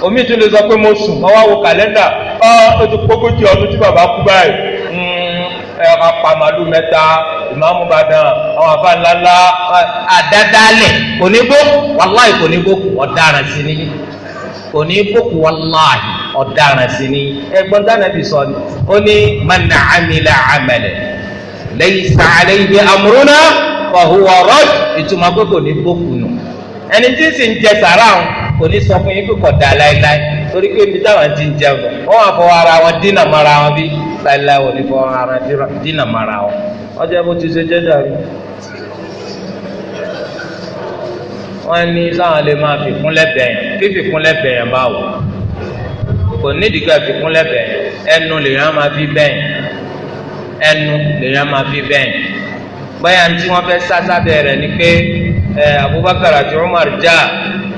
omi tún lè sọ pé mo sùn ọwọ́ wo kàlẹ́ndà ọ ó ti pógójì ọdún tí bàbá kú báyìí hmm, ẹ̀ka pàmàlú mẹ́ta ìmáàmù bàdàn àwọn àfa ńláńlá àdádálẹ̀ kò ní bó wàláì kò ní bó ọ̀daràn sí ni kò ní bó wàláì ọ̀daràn sí ni ẹgbọ́n dáná ti sọ ni ó ní man amila amala laysa alayhi amruna. fọ̀húwọ̀ rọ́ọ̀d ìtumọ̀ pé kò ní gbókùnù ẹni tí sì ń jẹ sàrà àwọn kò ní sọ fún yín pé kò dà láéláé torí pé ibi táwọn ti ń wọn wà fọwọ́ ara wọn dínà mọ́ra wọn bí wọn ní ara dínà wọn bó ti ṣe jẹ́ wọ́n ní sáwọn lè máa lẹ́bẹ̀ẹ́ yẹn kí lẹ́bẹ̀ẹ́ yẹn bá wò kò ká lẹ́bẹ̀ẹ́ yẹn ẹnu máa fi bẹ́ẹ̀ ẹnu máa fi bẹ́ẹ̀ báyà tí wọ́n fẹ́ sásábẹ rẹ̀ ni pé ẹ Abubakar àti Umar já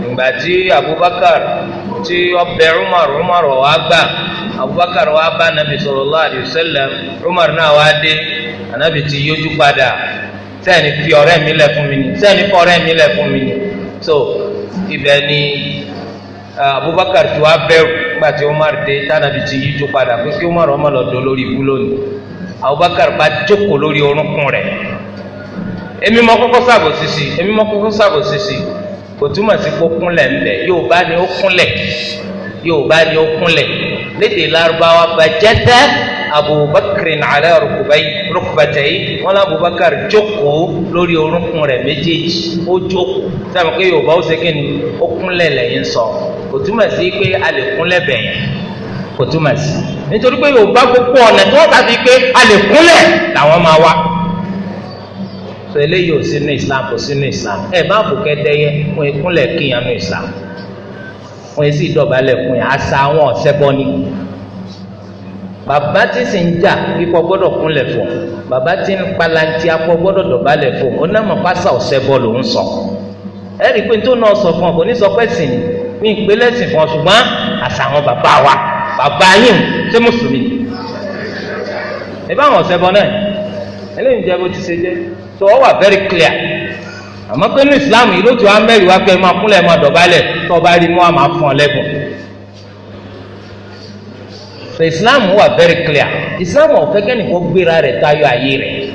ìgbà tí Abubakar tí ọbẹ Umar Umar wà gbà Abubakar wà bá Nabi sallallahu alaihi wasallam Umar náà wà dé Anabi ti yójú padà sẹ́ni fi ọ̀rẹ́ mi lẹ̀ fún mi ni sẹ́ni fi ọ̀rẹ́ mi lẹ̀ fún mi ni so ibẹ̀ ni Abubakar tí wà bẹ̀rù nígbà tí Umar dé tànàbí ti yíjú padà pé kí Umar ọmọ lọ dọ lórí ibú lónìí Abubakar bá jókòó lórí orúnkún rẹ̀ èmi mọ kọ́kọ́ sàbò sisi èmi mọ kọ́kọ́ sàbò sisi kò túmọ̀ sí kó kúnlẹ̀ ńlẹ̀ yóò bá ní ó kúnlẹ̀ yóò bá ní ó kúnlẹ̀ lédè lárúbáwá bàjẹ́tẹ́ abubakar nàlẹ́ rukubatayi wọn lé abubakar jókòó lórí orúnkún rẹ̀ méjèèjì ó jókòó sábà pé yorùbá ó ṣe kíni ó kúnlẹ̀ lẹ́yìn sọ kò túmọ̀ sí pé a lè kúnlẹ̀ bẹ̀yẹn kò túmọ̀ sí nítorí pé yorùbá gbogbo ọ̀nà tí wọ́n bá fi pé a lè kúnlẹ̀ làwọn máa wá sọ eléyìí ò sínú islam kò sínú islam ẹ bá bùkẹ́ dẹ́yẹ wọn ìkúnlẹ̀ kíyan nù islam wọn sì dọ̀bálẹ̀ fún yà àṣà àwọn ọ̀sẹ̀ bọ́ ni bàbá tí sì ń jà ikọ̀ gbọ́dọ̀ kúnlẹ̀ fún bàbá tí ń palanti akọ gbọ́dọ̀ dọ̀bálẹ̀ fún onámọ̀ pásá ọ̀sẹ̀ bọ́ ló ń sọ ẹ rí i pé tó náà sọ fún ọ kò ní sọ pé sìn ní ìpínlẹ̀ sìn fún ọ ṣùgbọ́n àṣà àwọn bàbá wa bàbá yín ṣé mùsùlùmí ẹ bá àwọn ọ̀sẹ̀ bọ́ náà eléyìí jẹ́ bó ti ṣe jẹ́ so ọ wà very clear àmọ́ pé ní Islam yìí ló ti wá mẹ́rin wá pé ẹ máa kúnlẹ̀ ẹ máa dọ̀bálẹ̀ tó o bá rí mú wa máa fún ọ lẹ́bùn so Islam wà very clear Islam ọ̀fẹ́ kẹ́nìkan gbéra rẹ̀ tayọ ayé rẹ̀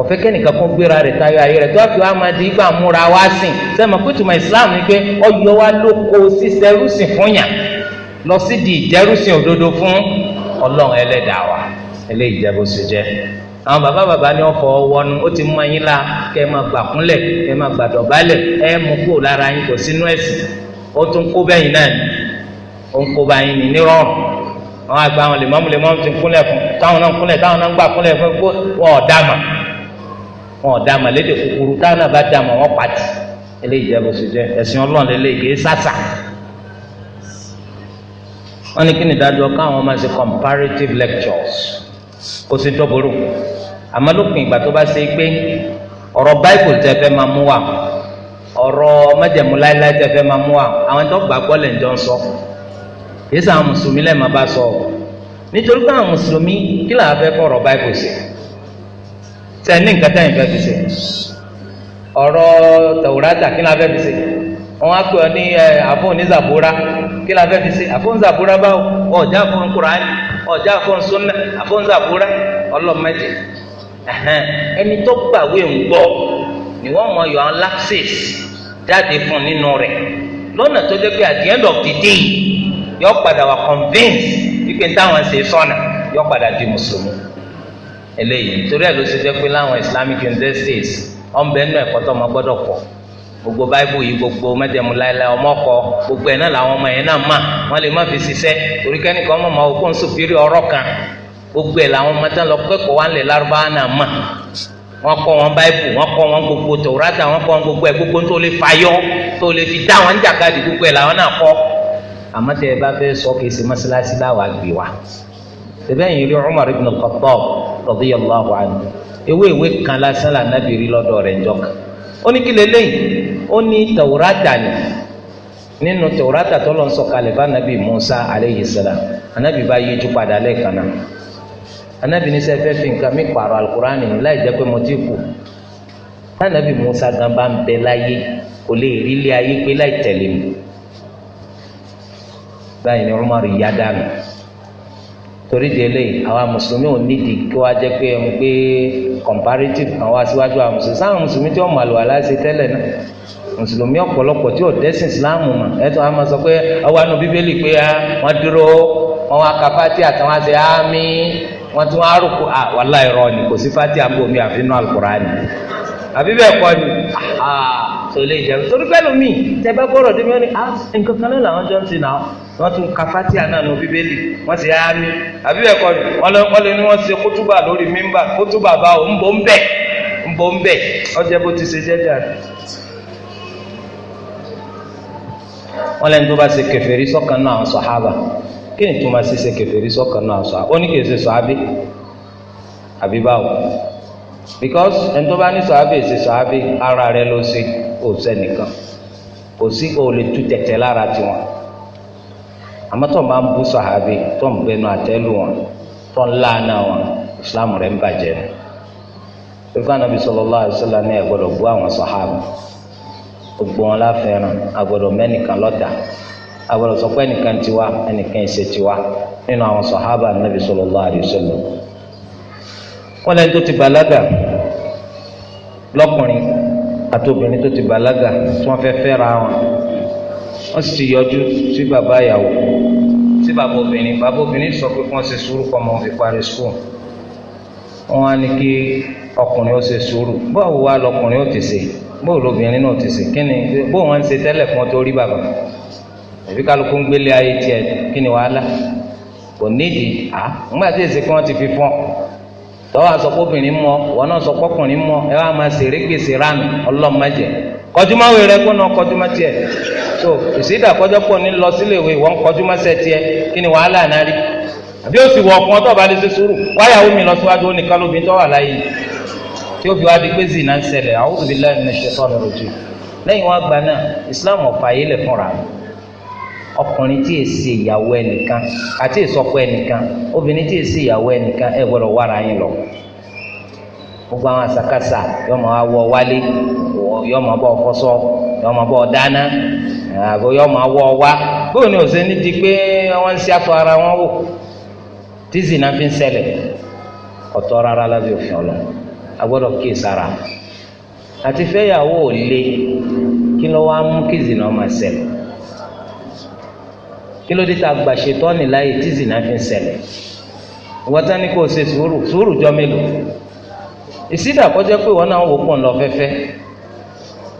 ọ̀fẹ́ kẹ́nìkan kan gbéra rẹ̀ tayọ ayé rẹ̀ tó a fi wá máa di ìgbà múra wá sìn sẹ́mi pé tùmọ̀ Islam ni pé ọyọ wa ló kó sísẹ́rùsìn fún yàn lọ sí di ìjẹ́rùsìn òdodo fún Ọlọ́run ẹlẹ́dàá wa eléyìí jẹ́ bó ṣe jẹ́ àwọn bàbá bàbá ni wọ́n fọ wọnú ó ti mú ẹyin la kẹ́ ẹ máa gbà kúnlẹ̀ kẹ́ ẹ máa gbà dọ̀bálẹ̀ ẹ mú kó lára yín kò sínú ẹ̀sìn ó tún kó bẹ́yìn náà ni ó ń kó báyìí ní nírọ̀rùn àwọn àgbà àwọn lèmọ́mù lèmọ́mù ti kúnlẹ̀ fún táwọn náà kúnlẹ̀ táwọn náà ń gbà kúnlẹ̀ fún wọn ò dàmà wọn ò dàmà lédè kúkúrú táwọn náà bá dàmà wọn pàtì eléyìí jẹ́ bó ṣe jẹ́ ẹ̀sìn ọlọ́run lélẹ́yìí kì í sàṣà wọ́n ní kí ni dájọ́ káwọn máa ṣe comparative lectures kò sí dọ́bòrò àmọ́ lópin ìgbà tó bá ṣe é pé ọ̀rọ̀ báìbùlù tẹ́ fẹ́ máa mú wa ọ̀rọ̀ májẹ̀mú láéláé tẹ́ fẹ́ máa mú wa àwọn tó gbàgbọ́ lẹ̀ ń jọ sọ kìí sàn àwọn mùsùlùmí lẹ́ẹ̀ máa bá sọ ọ́ nítorí pé àwọn mùsùlùmí kí làá fẹ́ kọ́ ọ̀rọ̀ báìbùlù sí tẹ̀ ní nǹkan tẹ́yìn fẹ́ fi ṣe ọ̀rọ̀ tẹ̀wúrátà kí làá fẹ́ fi ṣe wọn á pè ọ ní àfọ̀n ní ọjà àfọ̀nsọ́nà àfọ̀nsàbúrà ọlọ́mọdé ẹni tó gbàwé ń gbọ́ ni wọ́n mọ yọ àwọn lapses jáde fún nínú rẹ̀ lọ́nà tó dé pé at the end of the day yọ padà wà convince wípé táwọn ṣe sọ́nà yọ padà di mùsùlùmí eléyìí torí ẹ̀ ló ṣe jẹ́ pé láwọn Islamic universities ọ̀nbẹ́nu ẹ̀kọ́ tó ọmọ gbọ́dọ̀ pọ̀ gbogbo báíbù yìí gbogbo mẹ́tẹ̀ẹ̀mú láéláé ọmọ kọ gbogbo ẹ̀ náà làwọn ọmọ yẹn náà mà wọ́n lè má fi ṣiṣẹ́ torí kẹ́nìkan mọ̀ máa okó ń sùpírí ọ̀rọ̀ kan gbogbo ẹ̀ làwọn ọmọ tán lọ kẹ́kọ̀ọ́ wá ń lè lárúbáwá náà mà wọ́n kọ́ wọn báíbù wọ́n kọ́ wọn gbogbo tòwúrátà wọ́n kọ́ wọn gbogbo ẹ̀ gbogbo tó lè fayọ́ tó lè fi dá wọn ń jàkadì gbogbo ẹ̀ làwọn náà kọ́ àmọ́ tẹ́ ẹ bá fẹ́ sọ kìí ṣe mọ́ṣáláṣí láwàá gbé wa tẹ́bẹ́yìn rí Umar ibn al-Khattab radiyallahu anhu ó ní kí leléyìí ó ní tàwùrátà ni nínú tàwùrátà tó lọ ń sọ̀kalẹ̀ bá anabi musa aleyhi salam anabi bá yíjú padà lẹ́ẹ̀kan náà anabi ní sẹ́fẹ́ fi nǹkan mi pààrọ̀ alukurani ní láì jẹ́ pé mo ti kù anabi musa gan bá ń bẹ láyé kò lè rí ilé ayé pé láì tẹ̀lé mi báyìí ni Umar yá dànù torí di eléyìí àwa mùsùlùmí ò nídìí kí wọ́n á pé ẹmu pé comparative kan wá síwájú àwọn mùsùlùmí sáwọn mùsùlùmí tí wọ́n mọ àlùwàlá ṣe tẹ́lẹ̀ náà mùsùlùmí ọ̀pọ̀lọpọ̀ tí ò dẹ́sìn ìsìláàmù mọ̀ ẹ̀tọ́ wa máa sọ pé ọwọ́ àánú bíbélì pé ah, wọ́n dúró wọ́n wá ka fati àtàwọn àti àmì wọ́n tún wá rúkú à ah, wàláhì ni kò sí fati àbòmí àfinú àlùkùránì àbí bẹ́ẹ̀ kọ́ ni ah, tó lè jẹ torí mi tẹ bá gbọ́rọ̀ débi wọn ni ah nǹkan kan náà làwọn jọ ń ti nà tún ka fatia náà nù bíbélì mi àbí bẹ́ẹ̀ kọ́ ni wọn lè ní wọn ṣe kótóbà lórí mímbà kótóbà bá ò ń bọ̀ ń bẹ̀ ń bọ̀ ń bẹ̀ ọjọ́ bó ti ṣe jẹ́ lẹ́nu tó bá ṣe sọ́kàn náà kí ni tó máa ṣe sọ́kàn náà kò sẹ́nìkan kò sí kò lè tú lára tiwọn àmọ́ tó ń bú sàhábì tó ń bẹnu àtẹ́lù wọn tó ń láàánà wọn islam rẹ̀ ń bàjẹ́ fífún anabi sallallahu alaihi wasallam ní ẹgbọ́dọ̀ bú àwọn sàhábì gbogbo wọn láfẹ́ràn sọ ẹnìkan tiwa ẹnìkan ìṣe tiwa nínú àwọn sàhábà wọn àti obìnrin tó ti balaga tí wọ́n fẹ́ fẹ́ra wọn wọ́n sì ti yọjú sí bàbá ìyàwó sí bàbá obìnrin bàbá obìnrin sọ pé kí wọ́n ṣe sùúrù kọ́ ọmọ òun fi parí skul wọ́n á ní kí ọkùnrin ó ṣe sùúrù báwo wá lọkùnrin ó ti ṣe báwo lobìnrin náà ti ṣe kí ni bó wọn ń ṣe tẹ́lẹ̀ fún ọ tó rí bàbá ẹ̀bí kálukú ń gbélé ayé tiẹ̀ kí wàhálà kò nídìí à ńgbà tí èsì kan ti fi fún ọ tọ́wọ́ àsọpọ̀bìnrin mọ́ wọn náà sọpọ̀kùnrin mọ́ ẹ wá máa ṣeré gbèsè ránù ọlọ́mọdé kọjúmọ́ wẹ̀ rẹ kó náà kọjúmọ́ tiẹ̀ so ìsídà kọjọ́pọ̀ ní lọ sílé ìwé ìwọ́n kọjúmọ́ sẹ tiẹ̀ kí ni wàhálà náà rí àbí ó sì wọ ọkùnrin tó bá lè ṣe sùúrù wáyàwó mi lọ síwájú oníkan lóbi tó wà láyé tí ó fi wá di pé zina ń ṣẹlẹ̀ a'udhu billahi minash shaitanir rajim lẹ́yìn wá gba náà Islam ọ̀fà yìí lè fúnra mi. ọkùnrin tí èsì ìyàwó ẹnìkan àti ìsọpọ ẹnìkan obìnrin tí èsì ìyàwó ẹnìkan ẹ gbọdọ wára yín lọ gbogbo àwọn wálé bọ bọ bóun ni òsè ní pé wọn ń ṣe ara wọn wò tí zina fi ń ṣẹlẹ̀ ọ̀tọ̀ rárá lábẹ́ òfin Ọlọ́run a kí sara àti fẹyàwó ò kí mú máa kí ló dé tá a gbà ṣètọ́ni tí zina fi ń ṣẹlẹ̀ ìwọ́n tán ni kò ṣe sùúrù sùúrù jọ mélòó ìsídà kọjá pé wọn náà wò pọ̀ ńlọ fẹ́fẹ́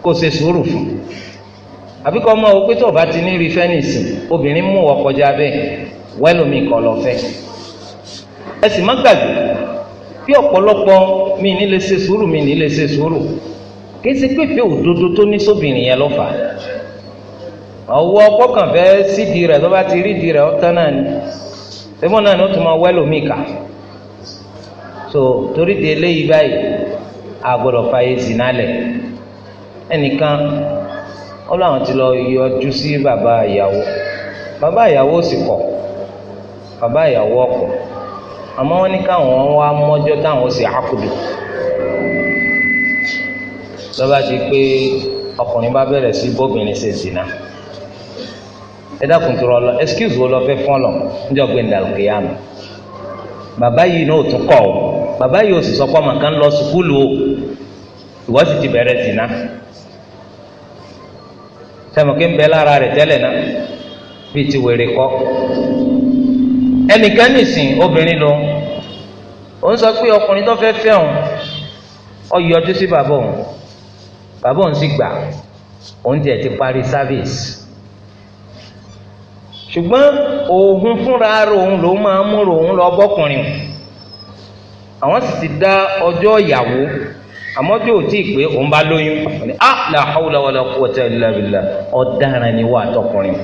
kò ṣe sùúrù fún àbí kọ́ ọmọ òpé tó bá ti ní rí fẹ́nìsì obìnrin mú wọ kọjá bẹ́ẹ̀ wẹ́lómi kọ́ lọ fẹ́ ẹ sì má gbàgbé bí ọ̀pọ̀lọpọ̀ mi ní ṣe sùúrù mi ní ṣe sùúrù kí ẹ sì pé pé òdodo tó ní sóbìnrin yẹn lọ́fà ọwọ́ kọ́kàn fẹ́ sídìí rẹ̀ tó bá ti rí ìdí rẹ̀ ọ̀tán náà ni sẹ́fọ́n náà ni ó tún máa wẹ́ lómi kà so torí de eléyìí báyìí àgbọ̀dọ̀ fàyè zìnnà lẹ̀ ẹnìkan ó láwọn ti lọ yọjú sí bàbá ìyàwó bàbá ìyàwó sì kọ̀ bàbá ìyàwó ọkọ̀ àmọ́ wọ́n ní káwọn wá mọ́jọ́ táwọn sì ákùdù lọ́ba ti pé ọkùnrin bá bẹ̀rẹ̀ sí bóbìnrin ṣe zìnnà. eda dákun tó lọ excuse wo lọ fẹ́ fún lọ níjọ gbé ndàlùkì yá bàbá yìí náà ò kọ o bàbá yìí ò sì sọ pé ọmọ kan lọ o ìwọ sì ti bẹ̀rẹ̀ sí náà kí n bẹ lára rẹ̀ tẹ́lẹ̀ náà bíi ti wèrè kọ́ ẹnìkan nìsín obìnrin lọ ó ń sọ pé ọkùnrin tó òun ti parí service ṣùgbọ́n oògùn fúnra ròun ló máa mú ròun lọ bọ́kùnrin àwọn sì ti dá ọjọ́ ìyàwó àmọ́ bí o ti pé òun bá lóyún ní a ah, la hawla wala quwwata illa billah ọ̀daràn ni wà tọkùnrin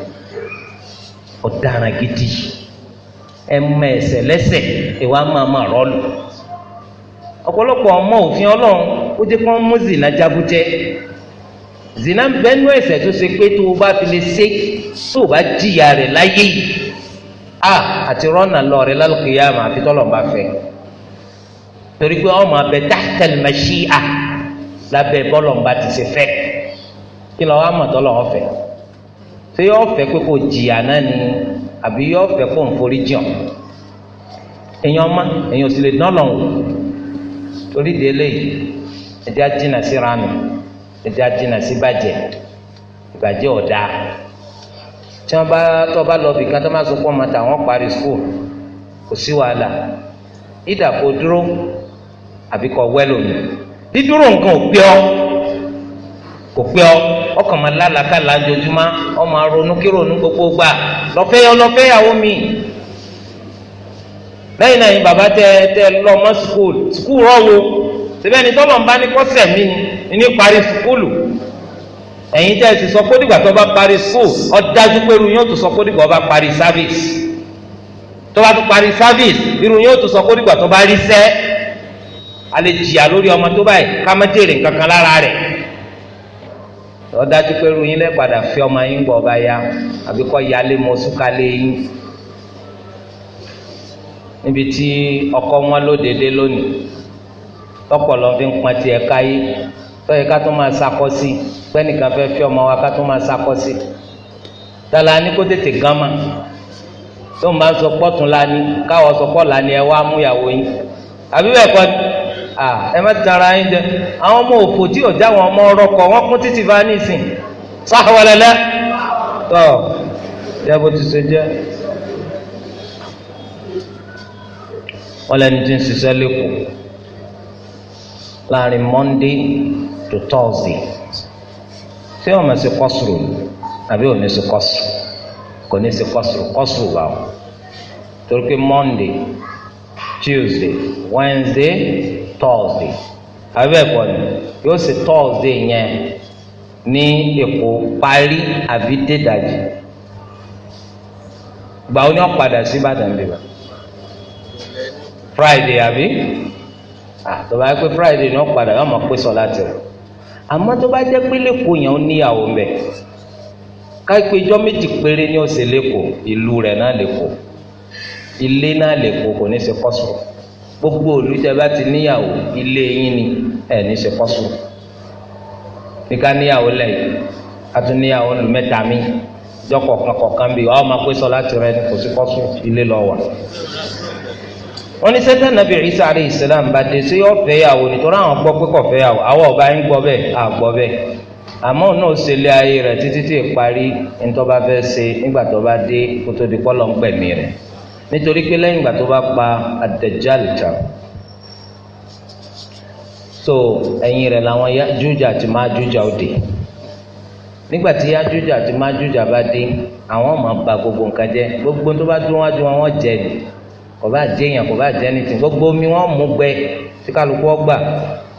ọ̀daràn gidi ẹ mọ ẹsẹ̀ lẹ́sẹ̀ ìwà máa máa rọ́ọ̀lù ọ̀pọ̀lọpọ̀ ọmọ òfin ọlọ́run ó jẹ́ kó ń mú zina ń bẹnu ẹ̀ṣẹ̀ tó ṣe pé tó o bá fi lè ṣe tó o bá jìyà rẹ̀ láyé yìí a àti rọ́nà lọ rẹ̀ lálùkìyà mà àfi tọ́lọ̀ bá fẹ́ torí pé ọmọ abẹ dáhítẹ́lì mẹ́ṣí à lábẹ́ bọ́lọ̀ bá ti ṣe fẹ́ kí lọ́wọ́ àmọ̀ tọ́lọ̀ ọ̀fẹ́ ṣé yọ ọ̀fẹ́ pé kò jìyà náà ni àbí yọ ọ̀fẹ́ kò ń forí jìn èèyàn ọmọ èèyàn ò sì lè dán lọ́wọ́ torí délé yìí ẹ̀dá jìnnà síra nù ẹja jìnnà sí bàjẹ́ ìbàjẹ́ ọ̀dà tí wọ́n bá tọ́ bá lọ bìkan tó máa sọ pé ọmọ tàwọn parí skul kò sí wàhálà ìdà kò dúró àbí kò wẹ́lò mi dídúró nǹkan ò pé ọ kò pé ọ ọkàn máa lálàkàlà ojoojúmọ́ ọmọ ronú kí gbogbo gbà lọ́fẹ́yọ lọ́fẹ́yàwó mi lẹ́yìn náà yìí bàbá tẹ tẹ lọ mọ́ skul skul rọ̀ wo síbẹ̀ ni tọ́lọ̀ ń bá ní kọ́sẹ̀ mi ni ní parí sukúlù ẹ̀yin tẹ́ ẹ ti sọ pé dìgbà tó bá parí sùkúl ó dájú pé irun yóò tún sọ pé dìgbà ó bá parí sáfíìsì tó bá tún parí sáfíìsì irun yóò tún sọ pé dìgbà tó bá rí sẹ́ alẹ́ jìyà lórí ọmọ tó báyìí ká má jèrè nǹkan lára rẹ̀ ó pé irun yín lẹ́ padà fi ọmọ yín gbọ́ ọba ya àbí kọ́ yálé mọ́ súkálé yín níbi tí ọkọ wọn lóde dé lónìí tọpọlọ fi ń pọn tiẹ̀ káyé tọ́yẹ ká tó máa sakọ sí i pẹ́nìkan fẹ́ fi ọmọ wa ká tó máa sakọ sí i tala ní kó tètè gán ma tó ń bá sọ pọ́tún lani káwọ́ sọ pọ́ lani ẹ wá mú ìyàwó yín àbí bẹ́ẹ̀ kọ́ ẹ má ti tara yín jẹ àwọn ọmọ òfò tí òjá àwọn ọmọ ọrọkọ wọn kún títí fa nísìn sáwọlẹlẹ tọ yẹ bó ti ṣe jẹ wọn lẹni tí ń ṣiṣẹ́ lẹ́kọ̀ọ́ láàrin Monday to Thursday ṣé wọn máa ṣe kọ́sùrù àbí wọn ní ṣe kọ́sùrù kò ní ṣe kọ́sùrù kọ́sùrù wà o torí pé Monday Tuesday Wednesday Thursday àbí ẹ̀kọ́ ni yóò ṣe Thursday yẹn ní èkó parí àbí dédàjì gbàù ni wọn padà sí Ìbàdàn bíbá Friday àbí àtọ́ba yẹ pé Friday ni wọn padà yọ ọmọ pé sọ láti rẹ àmọ́ tó bá jẹ́ pé lẹ́kọ̀ọ́ yẹn ó níyàwó mbẹ̀ káìpé ijọ́ méjì péré ní ọ̀sẹ̀ lẹ́kọ̀ọ́ ìlú rẹ̀ náà lẹ́kọ̀ọ́ ilé náà lẹ́kọ̀ọ́ kò ní ṣe kọ́sùrù gbogbo olùjẹ́ bá ti níyàwó ilé yín ni ẹ̀ ní ṣe kọ́sùrù níka níyàwó lẹ́yìn atúníyàwó lù mẹ́ta mi jọ kọ̀ọ̀kan kọ̀ọ̀kan bíi ọ́ máa pé sọ láti rẹ kò sí kọ́sùrù ilé lọ wọ́n ní sẹ́tẹ̀ nàbì Isa àrí ìsìlám bá dé sí ọ̀fẹ́ yàwó nítorí àwọn gbọ́ pé kọ̀fẹ́ yàwó àwọn ọba ń gbọ́ bẹ́ẹ̀ àgbọ́ bẹ́ẹ̀ àmọ́ òun náà ṣe lé ayé rẹ̀ títí tí ìparí ntọ́ba fẹ́ ṣe nígbà tó bá dé kó di pọ́lọ́ ń gbẹ̀mí rẹ̀ nítorí pé lẹ́yìn ìgbà tó bá pa àdẹ̀jálì tán so ẹ̀yìn rẹ̀ làwọn Yájújà àti Májújà ó dé nígbà tí Yájújà àti Májújà bá dé àwọn máa ba gbogbo nǹkan jẹ́ kò bá jẹyàn kò bá jẹ anything gbogbo omi wọn mú gbẹ tí kálukú ọgbà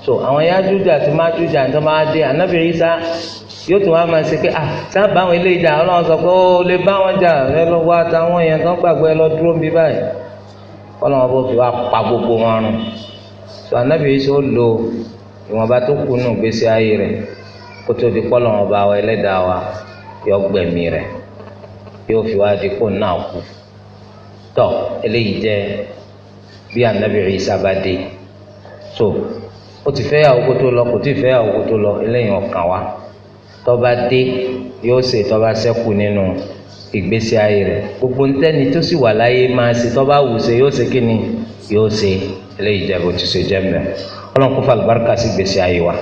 so àwọn yájújà àti májújà àti ọmọ adé ànábì Ìsá yóò tún wá máa ṣe pé ah sábà àwọn ilé ìjà ọlọ́run sọ pé ó lè bá wọn jà ẹ lọ wá táwọn èèyàn kan gbàgbọ́ ẹ lọ dúró mi báyìí kọ́lọ́wọ́n bó fi wá pa gbogbo wọn run so ànábì Ìsá ó lo ìwọ̀nba tó kù nù gbèsè ayé rẹ̀ kó tó di kọ́lọ́wọ́n bá wa ẹlẹ́dàá wa yọ gbẹ̀mí rẹ̀ yóò fi wá di kó náà kú tọ eléyìí jẹ bí anabi Isa bá dé so ó ti fẹ́ yàwó kó tó lọ kò tí ì fẹ́ yàwó kó tó lọ eléyìí ọkàn wa tọ́ba dé yóò ṣe tọ́ba ṣẹ́kù nínú ìgbésí ayé rẹ̀ gbogbo ntẹ́ni tó sì wà láyé máa ṣe tọ́ba wù ṣe yóò ṣe kíni yóò ṣe eléyìí jẹ bó ti ṣe jẹ mẹ ọlọ́run kó fa àlùbáríkà sí ìgbésí ayé wa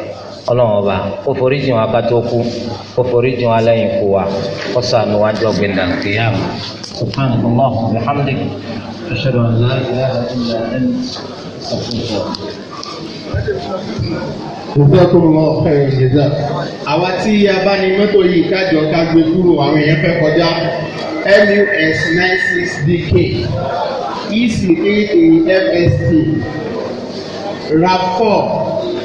ọlọ́run ọba kó foríjì wa ká tó kú kó foríjì wa lẹ́yìn kú wa kó ṣàánú wa jọ gbẹ̀ndà kìyàm. subhanahu wa ta'ala alhamdi ashhadu an la ilaha illa anta astaghfiruka. jazakumullahu khairan jaza. àwa tí a bá ní mọ́tò yìí kájọ ká gbé kúrò àwọn èèyàn fẹ́ kọjá mus nine six dk ec eight a fst rav four.